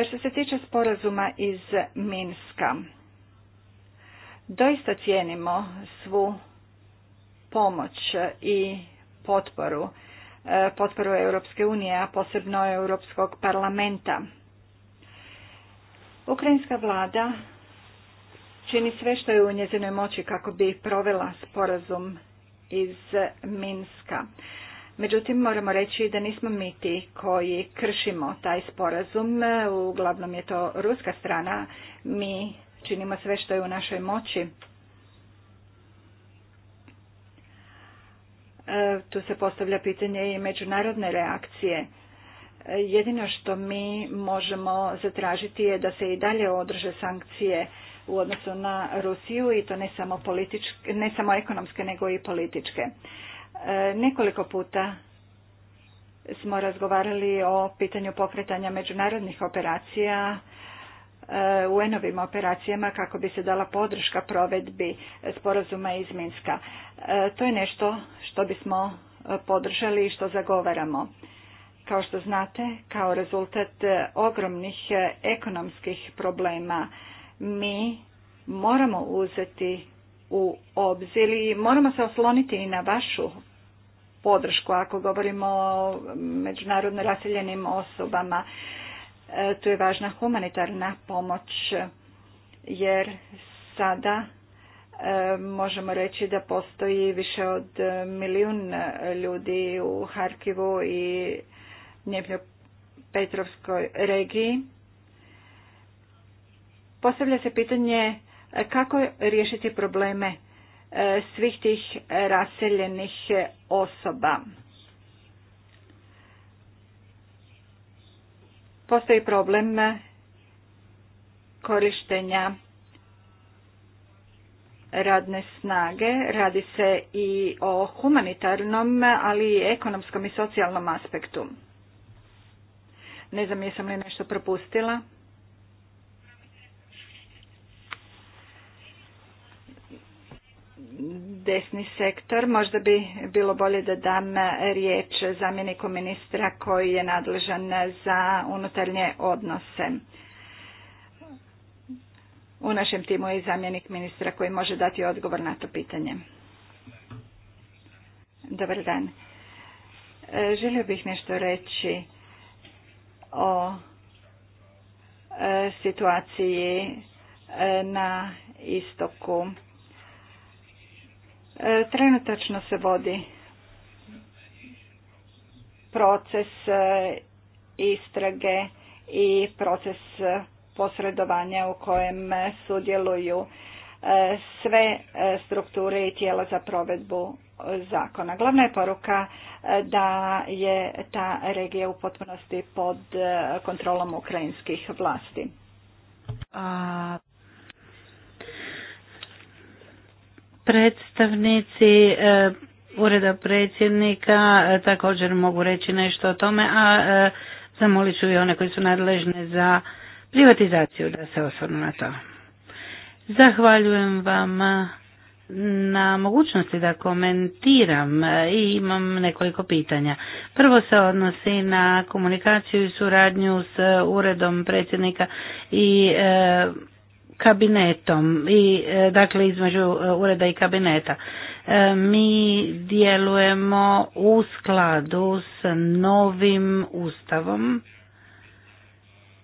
Što se tiče sporazuma iz Minska, Doista cijenimo svu pomoć i potporu, e, potporu Europske unije, a posebno Europskog parlamenta. Ukrajinska vlada čini sve što je u njezinoj moći kako bi provela sporazum iz Minska. Međutim, moramo reći da nismo mi ti koji kršimo taj sporazum, uglavnom je to ruska strana, mi činimo sve što je u našoj moći. E, tu se postavlja pitanje i međunarodne reakcije. E, jedino što mi možemo zatražiti je da se i dalje održe sankcije u odnosu na Rusiju i to ne samo, političke, ne samo ekonomske nego i političke. E, nekoliko puta smo razgovarali o pitanju pokretanja međunarodnih operacija E, u enovim operacijama kako bi se dala podrška provedbi sporazuma iz Minska. E, to je nešto što bismo e, podržali i što zagovaramo. Kao što znate, kao rezultat ogromnih ekonomskih problema mi moramo uzeti u obzir i moramo se osloniti i na vašu podršku ako govorimo o međunarodno raseljenim osobama. Tu je važna humanitarna pomoć jer sada e, možemo reći da postoji više od milijun ljudi u Harkivu i Dnjepropetrovskoj regiji. Postavlja se pitanje kako riješiti probleme e, svih tih raseljenih osoba. postoji problem korištenja radne snage. Radi se i o humanitarnom, ali i ekonomskom i socijalnom aspektu. Ne znam jesam li nešto propustila. desni sektor. Možda bi bilo bolje da dam riječ zamjeniku ministra koji je nadležan za unutarnje odnose. U našem timu je zamjenik ministra koji može dati odgovor na to pitanje. Dobar dan. Želio bih nešto reći o e, situaciji e, na istoku E, trenutačno se vodi proces e, istrage i proces posredovanja u kojem sudjeluju e, sve strukture i tijela za provedbu zakona. Glavna je poruka da je ta regija u potpunosti pod kontrolom ukrajinskih vlasti.
Predstavnici e, Ureda predsjednika e, također mogu reći nešto o tome, a e, zamolit ću i one koji su nadležne za privatizaciju da se osvrnu na to. Zahvaljujem vam na mogućnosti da komentiram i imam nekoliko pitanja. Prvo se odnosi na komunikaciju i suradnju s uredom predsjednika i kabinetom i e, dakle između e, ureda i kabineta. E, mi djelujemo u skladu s novim ustavom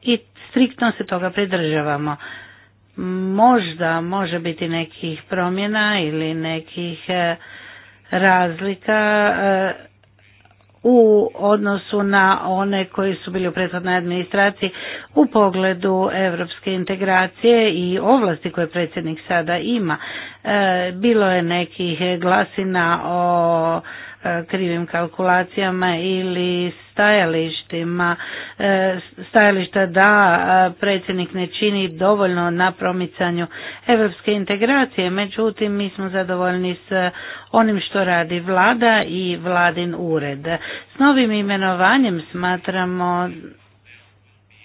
i striktno se toga pridržavamo. Možda može biti nekih promjena ili nekih razlika u odnosu na one koji su bili u prethodnoj administraciji u pogledu europske integracije i ovlasti koje predsjednik sada ima. E, bilo je nekih glasina o E, krivim kalkulacijama ili stajalištima, e, stajališta da e, predsjednik ne čini dovoljno na promicanju europske integracije, međutim mi smo zadovoljni s onim što radi vlada i vladin ured. S novim imenovanjem smatramo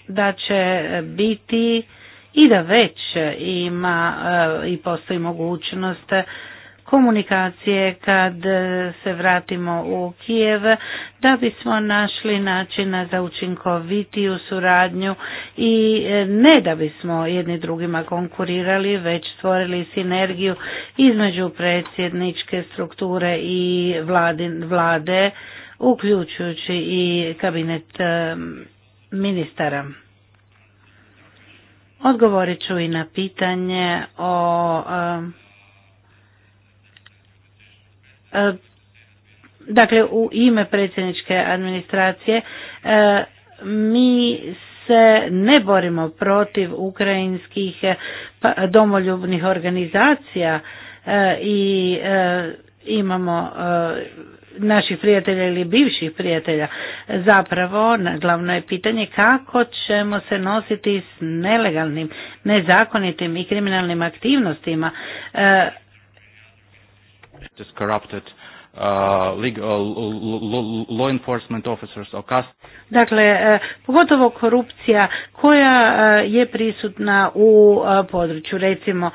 da će biti i da već ima i postoji mogućnost komunikacije kad e, se vratimo u Kijev da bismo našli načina za učinkovitiju suradnju i e, ne da bismo jedni drugima konkurirali, već stvorili sinergiju između predsjedničke strukture i vlade, uključujući i kabinet e, ministara. Odgovorit ću i na pitanje o E, dakle, u ime predsjedničke administracije e, mi se ne borimo protiv ukrajinskih e, pa, domoljubnih organizacija i imamo naših prijatelja ili bivših prijatelja. Zapravo, glavno je pitanje kako ćemo se nositi s nelegalnim, nezakonitim i kriminalnim aktivnostima
just corrupted
uh, uh, law enforcement officers or
Dakle, e, pogotovo korupcija koja e, je prisutna u e, području recimo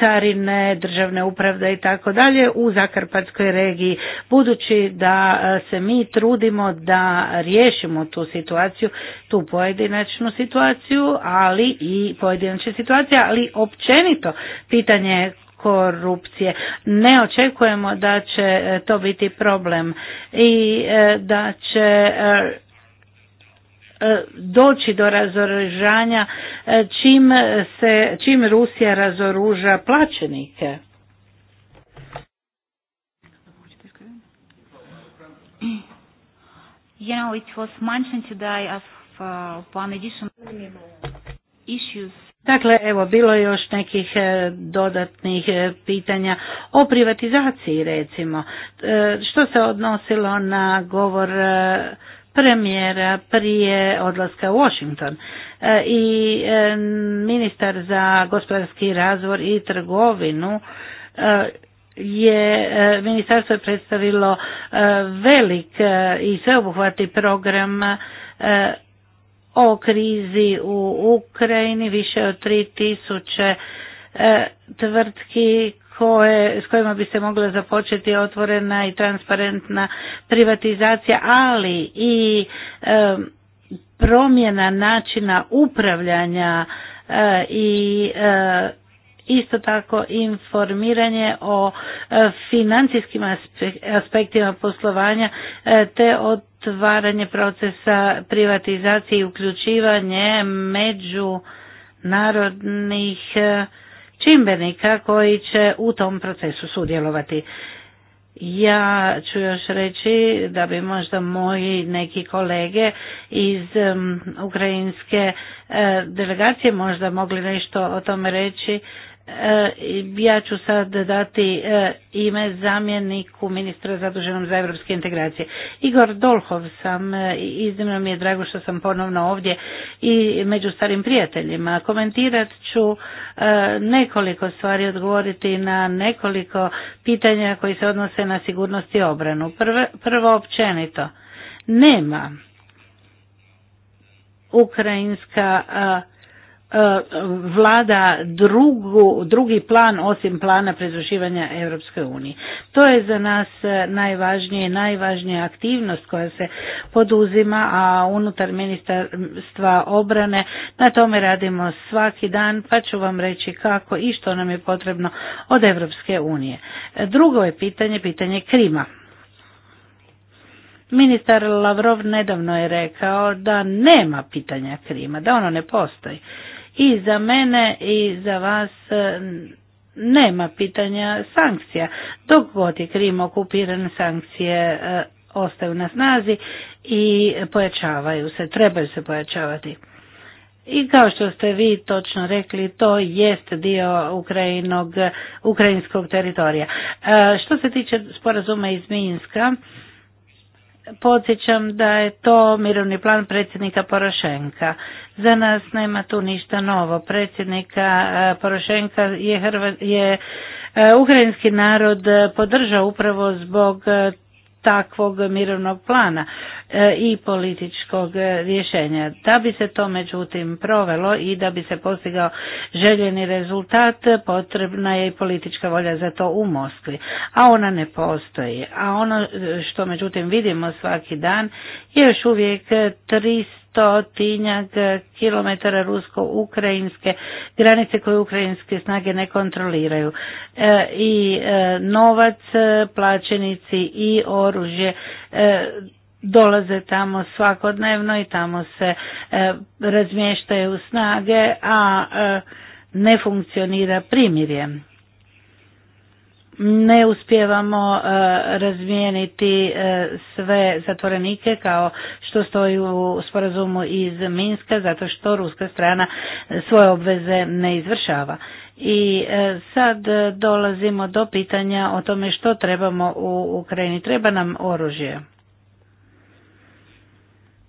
carine, državne upravde i tako dalje u Zakarpatskoj regiji. Budući da se mi trudimo da riješimo tu situaciju, tu pojedinačnu situaciju, ali i pojedinačne situacije, ali općenito pitanje korupcije. Ne očekujemo da će e, to biti problem i e, da će e, doći do razoružanja čim, se, čim Rusija razoruža plaćenike. You know, it was mentioned today uh, issues Dakle, evo, bilo je još nekih e, dodatnih e, pitanja o privatizaciji, recimo, e, što se odnosilo na govor premijera prije odlaska u Washington i ministar za gospodarski razvoj i trgovinu je ministarstvo je predstavilo velik i sveobuhvatni program o krizi u Ukrajini, više od 3000 e, tvrtki koje, s kojima bi se mogla započeti otvorena i transparentna privatizacija, ali i e, promjena načina upravljanja e, i isto tako informiranje o financijskim aspektima poslovanja te od otvaranje procesa privatizacije i uključivanje međunarodnih e, čimbenika koji će u tom procesu sudjelovati. Ja ću još reći da bi možda moji neki kolege iz ukrajinske e, delegacije možda mogli nešto o tome reći E, ja ću sad dati e, ime zamjeniku ministra zaduženom za evropske integracije. Igor Dolhov sam, e, iznimno mi je drago što sam ponovno ovdje i među starim prijateljima. Komentirat ću nekoliko stvari, odgovoriti na nekoliko pitanja koji se odnose na sigurnost i obranu. Prvo, općenito, nema ukrajinska E, vlada drugi plan osim plana pridruživanja EU. unije. To je za nas e, najvažnije, najvažnija aktivnost koja se poduzima, a unutar ministarstva obrane na tome radimo svaki dan, pa ću vam reći kako i što nam je potrebno od Europske unije. Drugo je pitanje, pitanje Krima. Ministar Lavrov nedavno je rekao da nema pitanja Krima, da ono ne postoji i za mene i za vas e, nema pitanja sankcija. Dok god je Krim okupiran, sankcije e, ostaju na snazi i pojačavaju se, trebaju se pojačavati. I kao što ste vi točno rekli, to jest dio Ukrajinog, ukrajinskog teritorija. E, što se tiče sporazuma iz Minska, Podsjećam da je to mirovni plan predsjednika Porošenka. Za nas nema tu ništa novo. Predsjednika e, Porošenka je, je e, ukrajinski narod podržao upravo zbog e, takvog mirovnog plana e, i političkog e, rješenja. Da bi se to međutim provelo i da bi se postigao željeni rezultat, potrebna je i politička volja za to u Moskvi, a ona ne postoji. A ono e, što međutim vidimo svaki dan je još uvijek tri stotinjak e, kilometara rusko-ukrajinske granice koje ukrajinske snage ne kontroliraju. E, I e, novac, plaćenici i oružje dolaze tamo svakodnevno i tamo se razmještaju snage, a ne funkcionira primirje ne uspijevamo e, razmijeniti e, sve zatvorenike kao što stoji u sporazumu iz Minska zato što ruska strana svoje obveze ne izvršava. I e, sad dolazimo do pitanja o tome što trebamo u Ukrajini. Treba nam oružje.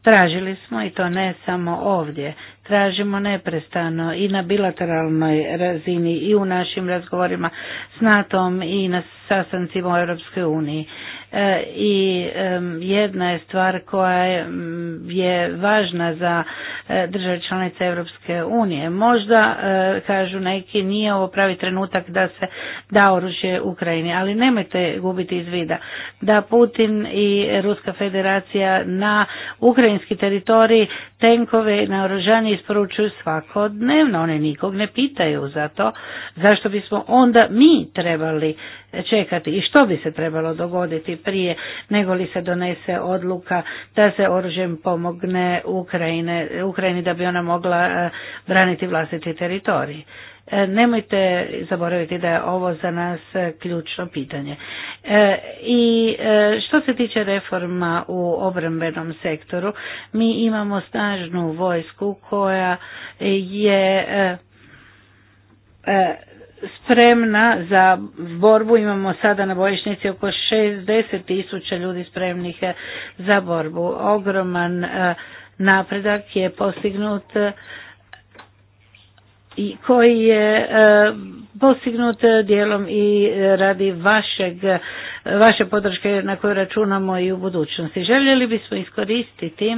Tražili smo i to ne samo ovdje, tražimo neprestano i na bilateralnoj razini i u našim razgovorima s NATO-om i na sastancima u Europskoj uniji. E, i jedna je stvar koja je važna za e, države članice Europske unije. Možda, e, kažu neki, nije ovo pravi trenutak da se da oružje Ukrajini, ali nemojte gubiti iz vida da Putin i Ruska federacija na ukrajinski teritorij tenkove na oružanje isporučuju svakodnevno, one nikog ne pitaju za to, zašto bismo onda mi trebali čekati i što bi se trebalo dogoditi prije nego li se donese odluka da se oružjem pomogne Ukrajine, Ukrajini da bi ona mogla e, braniti vlastiti teritorij. E, nemojte zaboraviti da je ovo za nas e, ključno pitanje. I što se tiče reforma u obrambenom sektoru, mi imamo snažnu vojsku koja je spremna za borbu. Imamo sada na bojišnici oko 60 tisuća ljudi spremnih eh, za borbu. Ogroman eh, napredak je postignut eh, i koji je postignut dijelom i radi vašeg, vaše podrške na koju računamo i u budućnosti. Željeli bismo iskoristiti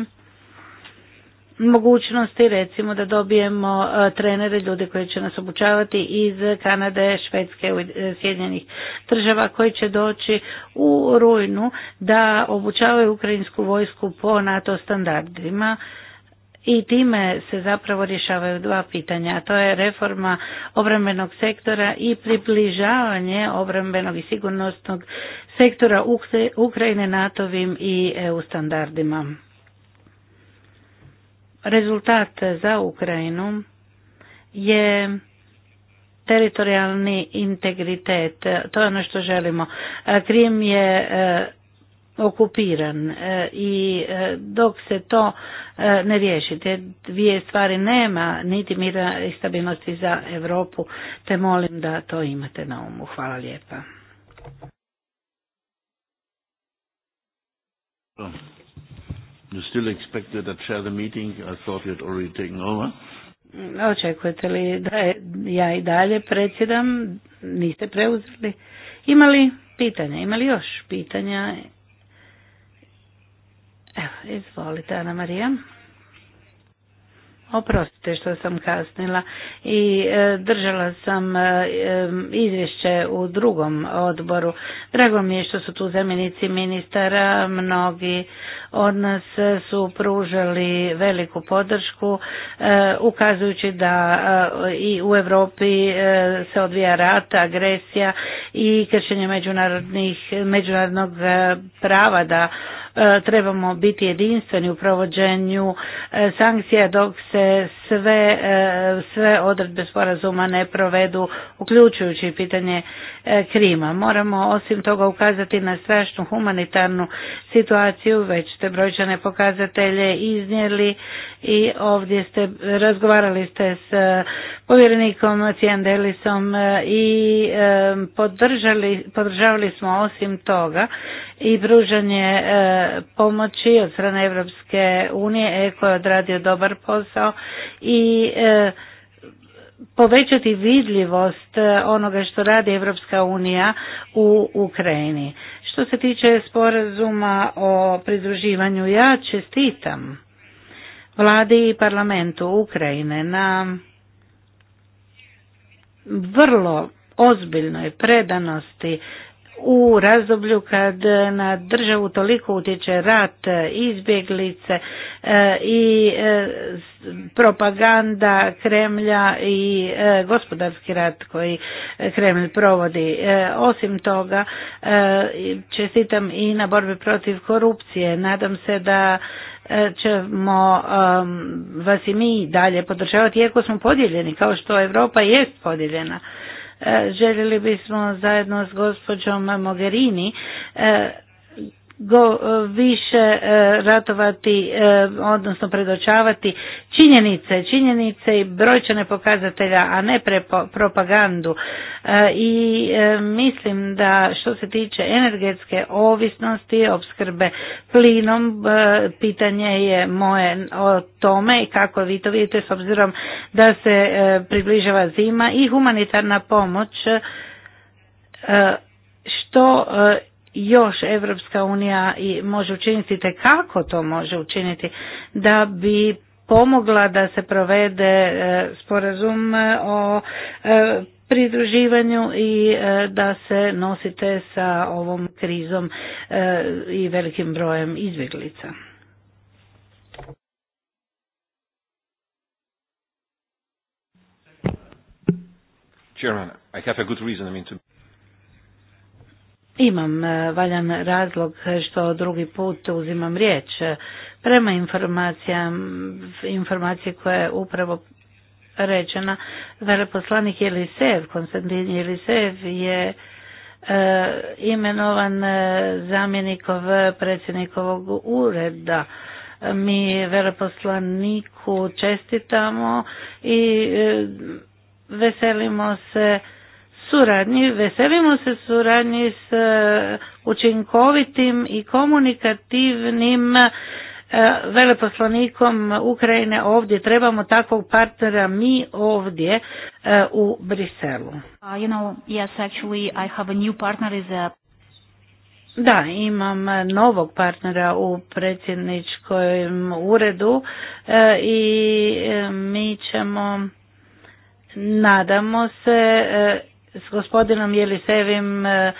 mogućnosti recimo da dobijemo e, trenere, ljude koji će nas obučavati iz Kanade, Švedske, e, Sjedinjenih država koji će doći u rujnu da obučavaju ukrajinsku vojsku po NATO standardima i time se zapravo rješavaju dva pitanja, a to je reforma obrambenog sektora i približavanje obrambenog i sigurnosnog sektora Ukrajine nato i EU standardima rezultat za Ukrajinu je teritorijalni integritet. To je ono što želimo. Krim je e, okupiran e, i e, dok se to ne riješi, te dvije stvari nema, niti mira i stabilnosti za Europu, te molim da to imate na umu. Hvala lijepa.
You still expected that chair the meeting? I thought you had already taken over.
Mm, očekujete li da ja i dalje predsjedam? Niste preuzeli. Ima li pitanja? Ima li još pitanja? Evo, izvolite, Ana Marija. Oprostite što sam kasnila i e, držala sam e, e, izvješće u drugom odboru. Drago mi je što su tu zamjenici ministara, mnogi od nas su pružali veliku podršku ukazujući da i u Europi se odvija rata, agresija i kršenje međunarodnih, međunarodnog prava da E, trebamo biti jedinstveni u provođenju e, sankcija dok se e, sve, odredbe sporazuma ne provedu, uključujući pitanje E, Krima. Moramo osim toga ukazati na strašnu humanitarnu situaciju, već ste brojčane pokazatelje iznijeli i ovdje ste razgovarali ste s e, povjerenikom Cijandelisom e, i podržali, podržavali smo osim toga i pružanje pomoći od strane Europske unije, Eko je odradio dobar posao i povećati vidljivost e, onoga što radi Europska unija u Ukrajini. Što se tiče sporazuma o pridruživanju, ja čestitam vladi i parlamentu Ukrajine na vrlo ozbiljnoj predanosti u razdoblju kad na državu toliko utječe rat, izbjeglice e, i e, propaganda Kremlja i e, gospodarski rat koji Kremlj provodi. Osim toga, čestitam i na borbi protiv korupcije. Nadam se da ćemo vas i mi dalje podržavati, iako smo podijeljeni, kao što Europa jest podijeljena. E, željeli bismo zajedno s gospođom Mogherini e, go e, više e, ratovati, e, odnosno predočavati činjenice, činjenice i brojčane pokazatelja, a ne propagandu. I mislim da što se tiče energetske ovisnosti, opskrbe plinom, pitanje je moje o tome i kako vi to vidite s obzirom da se približava zima i humanitarna pomoć što još Evropska unija i može učiniti te kako to može učiniti da bi pomogla da se provede e, sporazum e, o e, pridruživanju i da se nosite sa ovom krizom i velikim brojem izbjeglica.
Chairman, I have a good reason, I mean,
imam e, valjan razlog što drugi put uzimam riječ. Prema informacije koja je upravo rečena, veleposlanik Jelisev, Konstantin Jelisev je e, imenovan e, zamjenikov predsjednikovog ureda. Mi veleposlaniku čestitamo i veselimo se suradnji, veselimo se suradnji s e, učinkovitim i komunikativnim e, veleposlanikom Ukrajine ovdje. Trebamo takvog partnera mi ovdje e, u Briselu. Uh, I have a new partner is Da, imam novog partnera u predsjedničkom uredu i mi ćemo, nadamo se, s gospodinom Jelisevim e,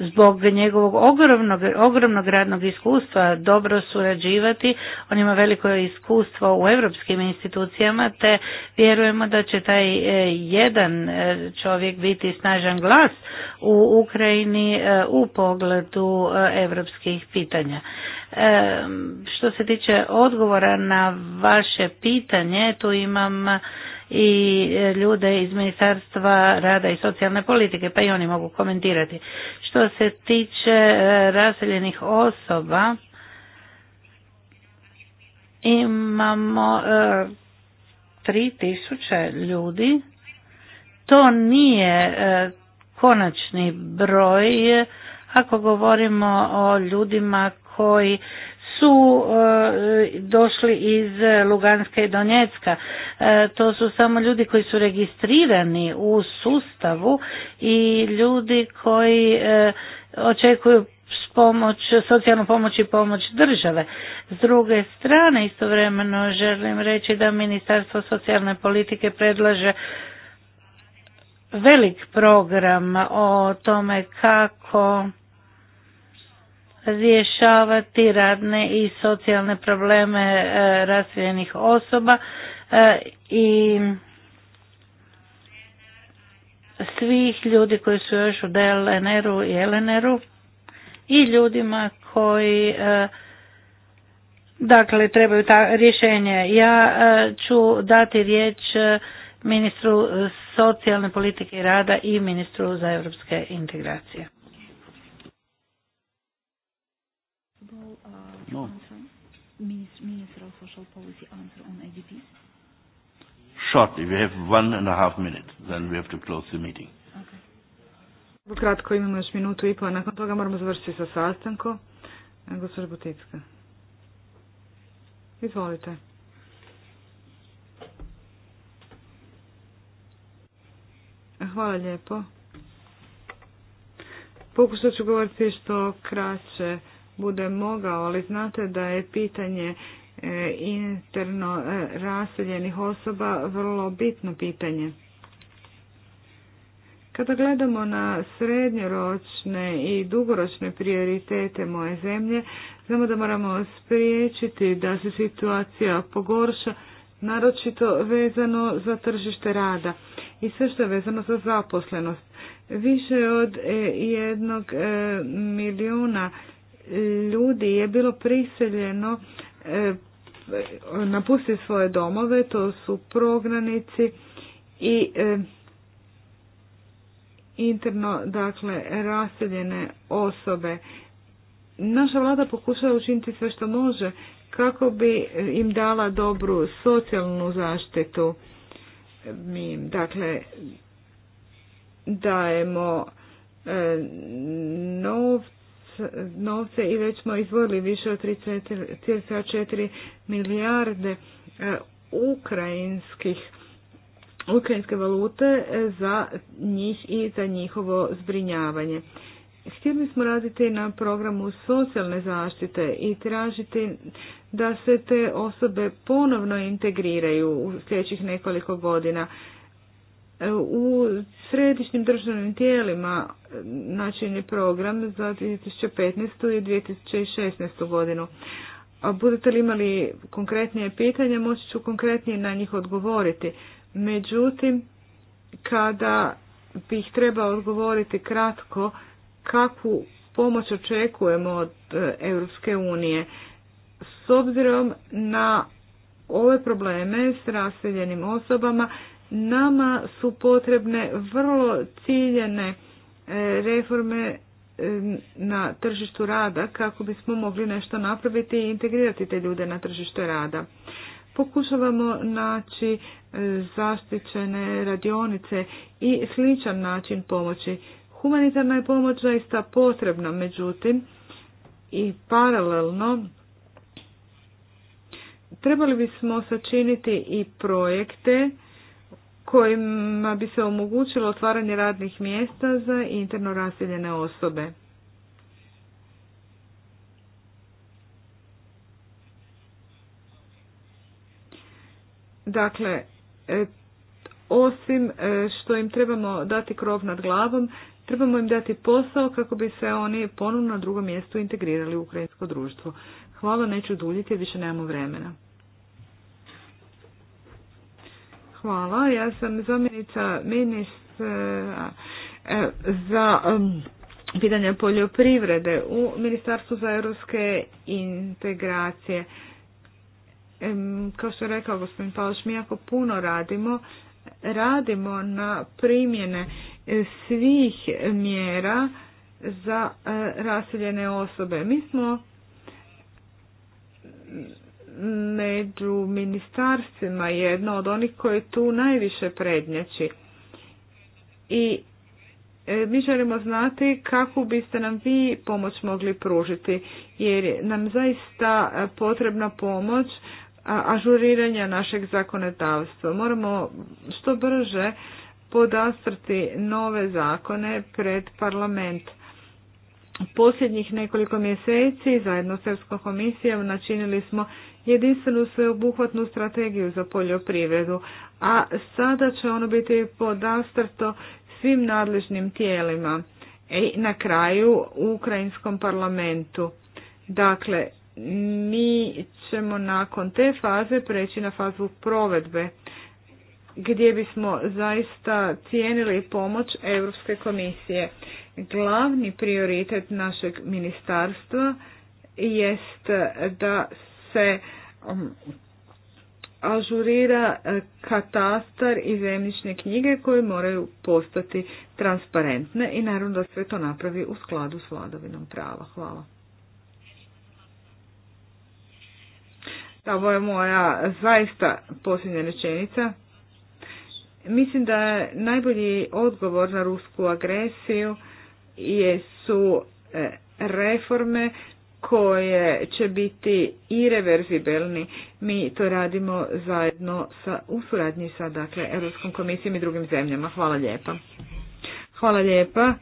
zbog njegovog ogromnog, ogromnog radnog iskustva dobro surađivati. On ima veliko iskustvo u europskim institucijama te vjerujemo da će taj e, jedan e, čovjek biti snažan glas u Ukrajini u pogledu europskih pitanja. Što se tiče odgovora na vaše pitanje, tu imam i e, ljude iz Ministarstva rada i socijalne politike, pa i oni mogu komentirati. Što se tiče e, raseljenih osoba, imamo e, tri tisuće ljudi. To nije konačni broj ako govorimo o ljudima koji su e, došli iz Luganska i Donjecka. E, to su samo ljudi koji su registrirani u sustavu i ljudi koji e, očekuju pomoć, socijalnu pomoć i pomoć države. S druge strane, istovremeno želim reći da Ministarstvo socijalne politike predlaže velik program o tome kako rješavati radne i socijalne probleme e, razvijenih osoba e, i svih ljudi koji su još u DLNR-u i LNR-u i ljudima koji e, dakle trebaju ta rješenje. Ja ću dati riječ ministru socijalne politike i rada i ministru za europske integracije. No. Minister of Social Policy answer on
ADP?
Short, if you have one and a half minutes. then we have to close the meeting. Okay.
Kratko imamo još minutu i pol, nakon toga moramo završiti sa sastankom. E, Gospodin Buticka. Izvolite. Hvala lijepo. Pokušat ću govoriti što kraće bude mogao, ali znate da je pitanje e, interno e, raseljenih osoba vrlo bitno pitanje. Kada gledamo na srednjoročne i dugoročne prioritete moje zemlje, znamo da moramo spriječiti da se situacija pogorša, naročito vezano za tržište rada i sve što je vezano za zaposlenost. Više od e, jednog milijuna ljudi je bilo priseljeno e, napustiti svoje domove, to su prognanici i e, interno, dakle, raseljene osobe. Naša vlada pokušava učiniti sve što može kako bi im dala dobru socijalnu zaštitu. Mi im, dakle, dajemo e, novce novce i već smo izvorili više od 3,4 milijarde e, ukrajinskih ukrajinske valute e, za njih i za njihovo zbrinjavanje. Htjeli smo raditi na programu socijalne zaštite i tražiti da se te osobe ponovno integriraju u sljedećih nekoliko godina. U središnjim državnim tijelima način je program za 2015. i 2016. godinu. budete li imali konkretnije pitanja, moći ću konkretnije na njih odgovoriti. Međutim, kada bih trebao odgovoriti kratko kakvu pomoć očekujemo od e, Europske unije s obzirom na ove probleme s raseljenim osobama Nama su potrebne vrlo ciljene e, reforme e, na tržištu rada kako bismo mogli nešto napraviti i integrirati te ljude na tržište rada. Pokušavamo naći e, zaštićene radionice i sličan način pomoći. Humanitarna je pomoć zaista potrebna, međutim, i paralelno trebali bismo sačiniti i projekte kojima bi se omogućilo otvaranje radnih mjesta za interno raseljene osobe. Dakle, osim e, što im trebamo dati krov nad glavom, trebamo im dati posao kako bi se oni ponovno na drugom mjestu integrirali u ukrajinsko društvo. Hvala, neću duljiti, više nemamo vremena. Hvala, ja sam zamjenica ministra e, za pitanje poljoprivrede u Ministarstvu za europske integracije. Kao što je rekao gospodin Paoš, mi jako puno radimo. Radimo na primjene svih mjera za e, raseljene osobe. Mi smo među ministarstvima jedno od onih koje tu najviše prednjači. I e, mi želimo znati kako biste nam vi pomoć mogli pružiti, jer nam zaista potrebna pomoć ažuriranja našeg zakonodavstva. Moramo što brže podastrti nove zakone pred parlament. Posljednjih nekoliko mjeseci zajedno s Europskom komisijom načinili smo jedinstvenu sveobuhvatnu strategiju za poljoprivredu, a sada će ono biti podastrto svim nadležnim tijelima i e, na kraju u Ukrajinskom parlamentu. Dakle, mi ćemo nakon te faze preći na fazu provedbe gdje bismo zaista cijenili pomoć Europske komisije. Glavni prioritet našeg ministarstva jest da se um, ažurira e, katastar i zemljišne knjige koje moraju postati transparentne i naravno da sve to napravi u skladu s vladovinom prava. Hvala. Ovo je moja zaista posljednja rečenica. Mislim da je najbolji odgovor na rusku agresiju jesu e, reforme koje će biti i reverzibilni. Mi to radimo zajedno sa, u suradnji sa dakle, Europskom komisijom i drugim zemljama. Hvala lijepa. Hvala lijepa.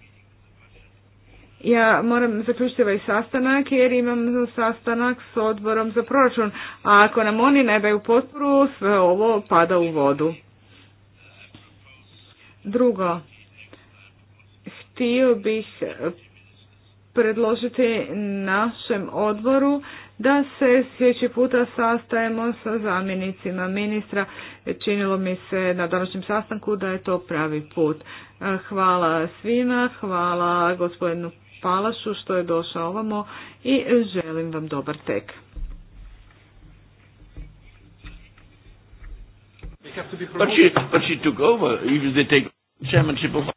Ja moram zaključiti ovaj sastanak jer imam sastanak s odborom za proračun, a ako nam oni ne daju potporu, sve ovo pada u vodu. Drugo, htio bih predložiti našem odboru da se sljedeći puta sastajemo sa zamjenicima ministra. Činilo mi se na današnjem sastanku da je to pravi put. E, hvala svima, hvala gospodinu Palašu što je došao ovamo i želim vam dobar tek.
But she,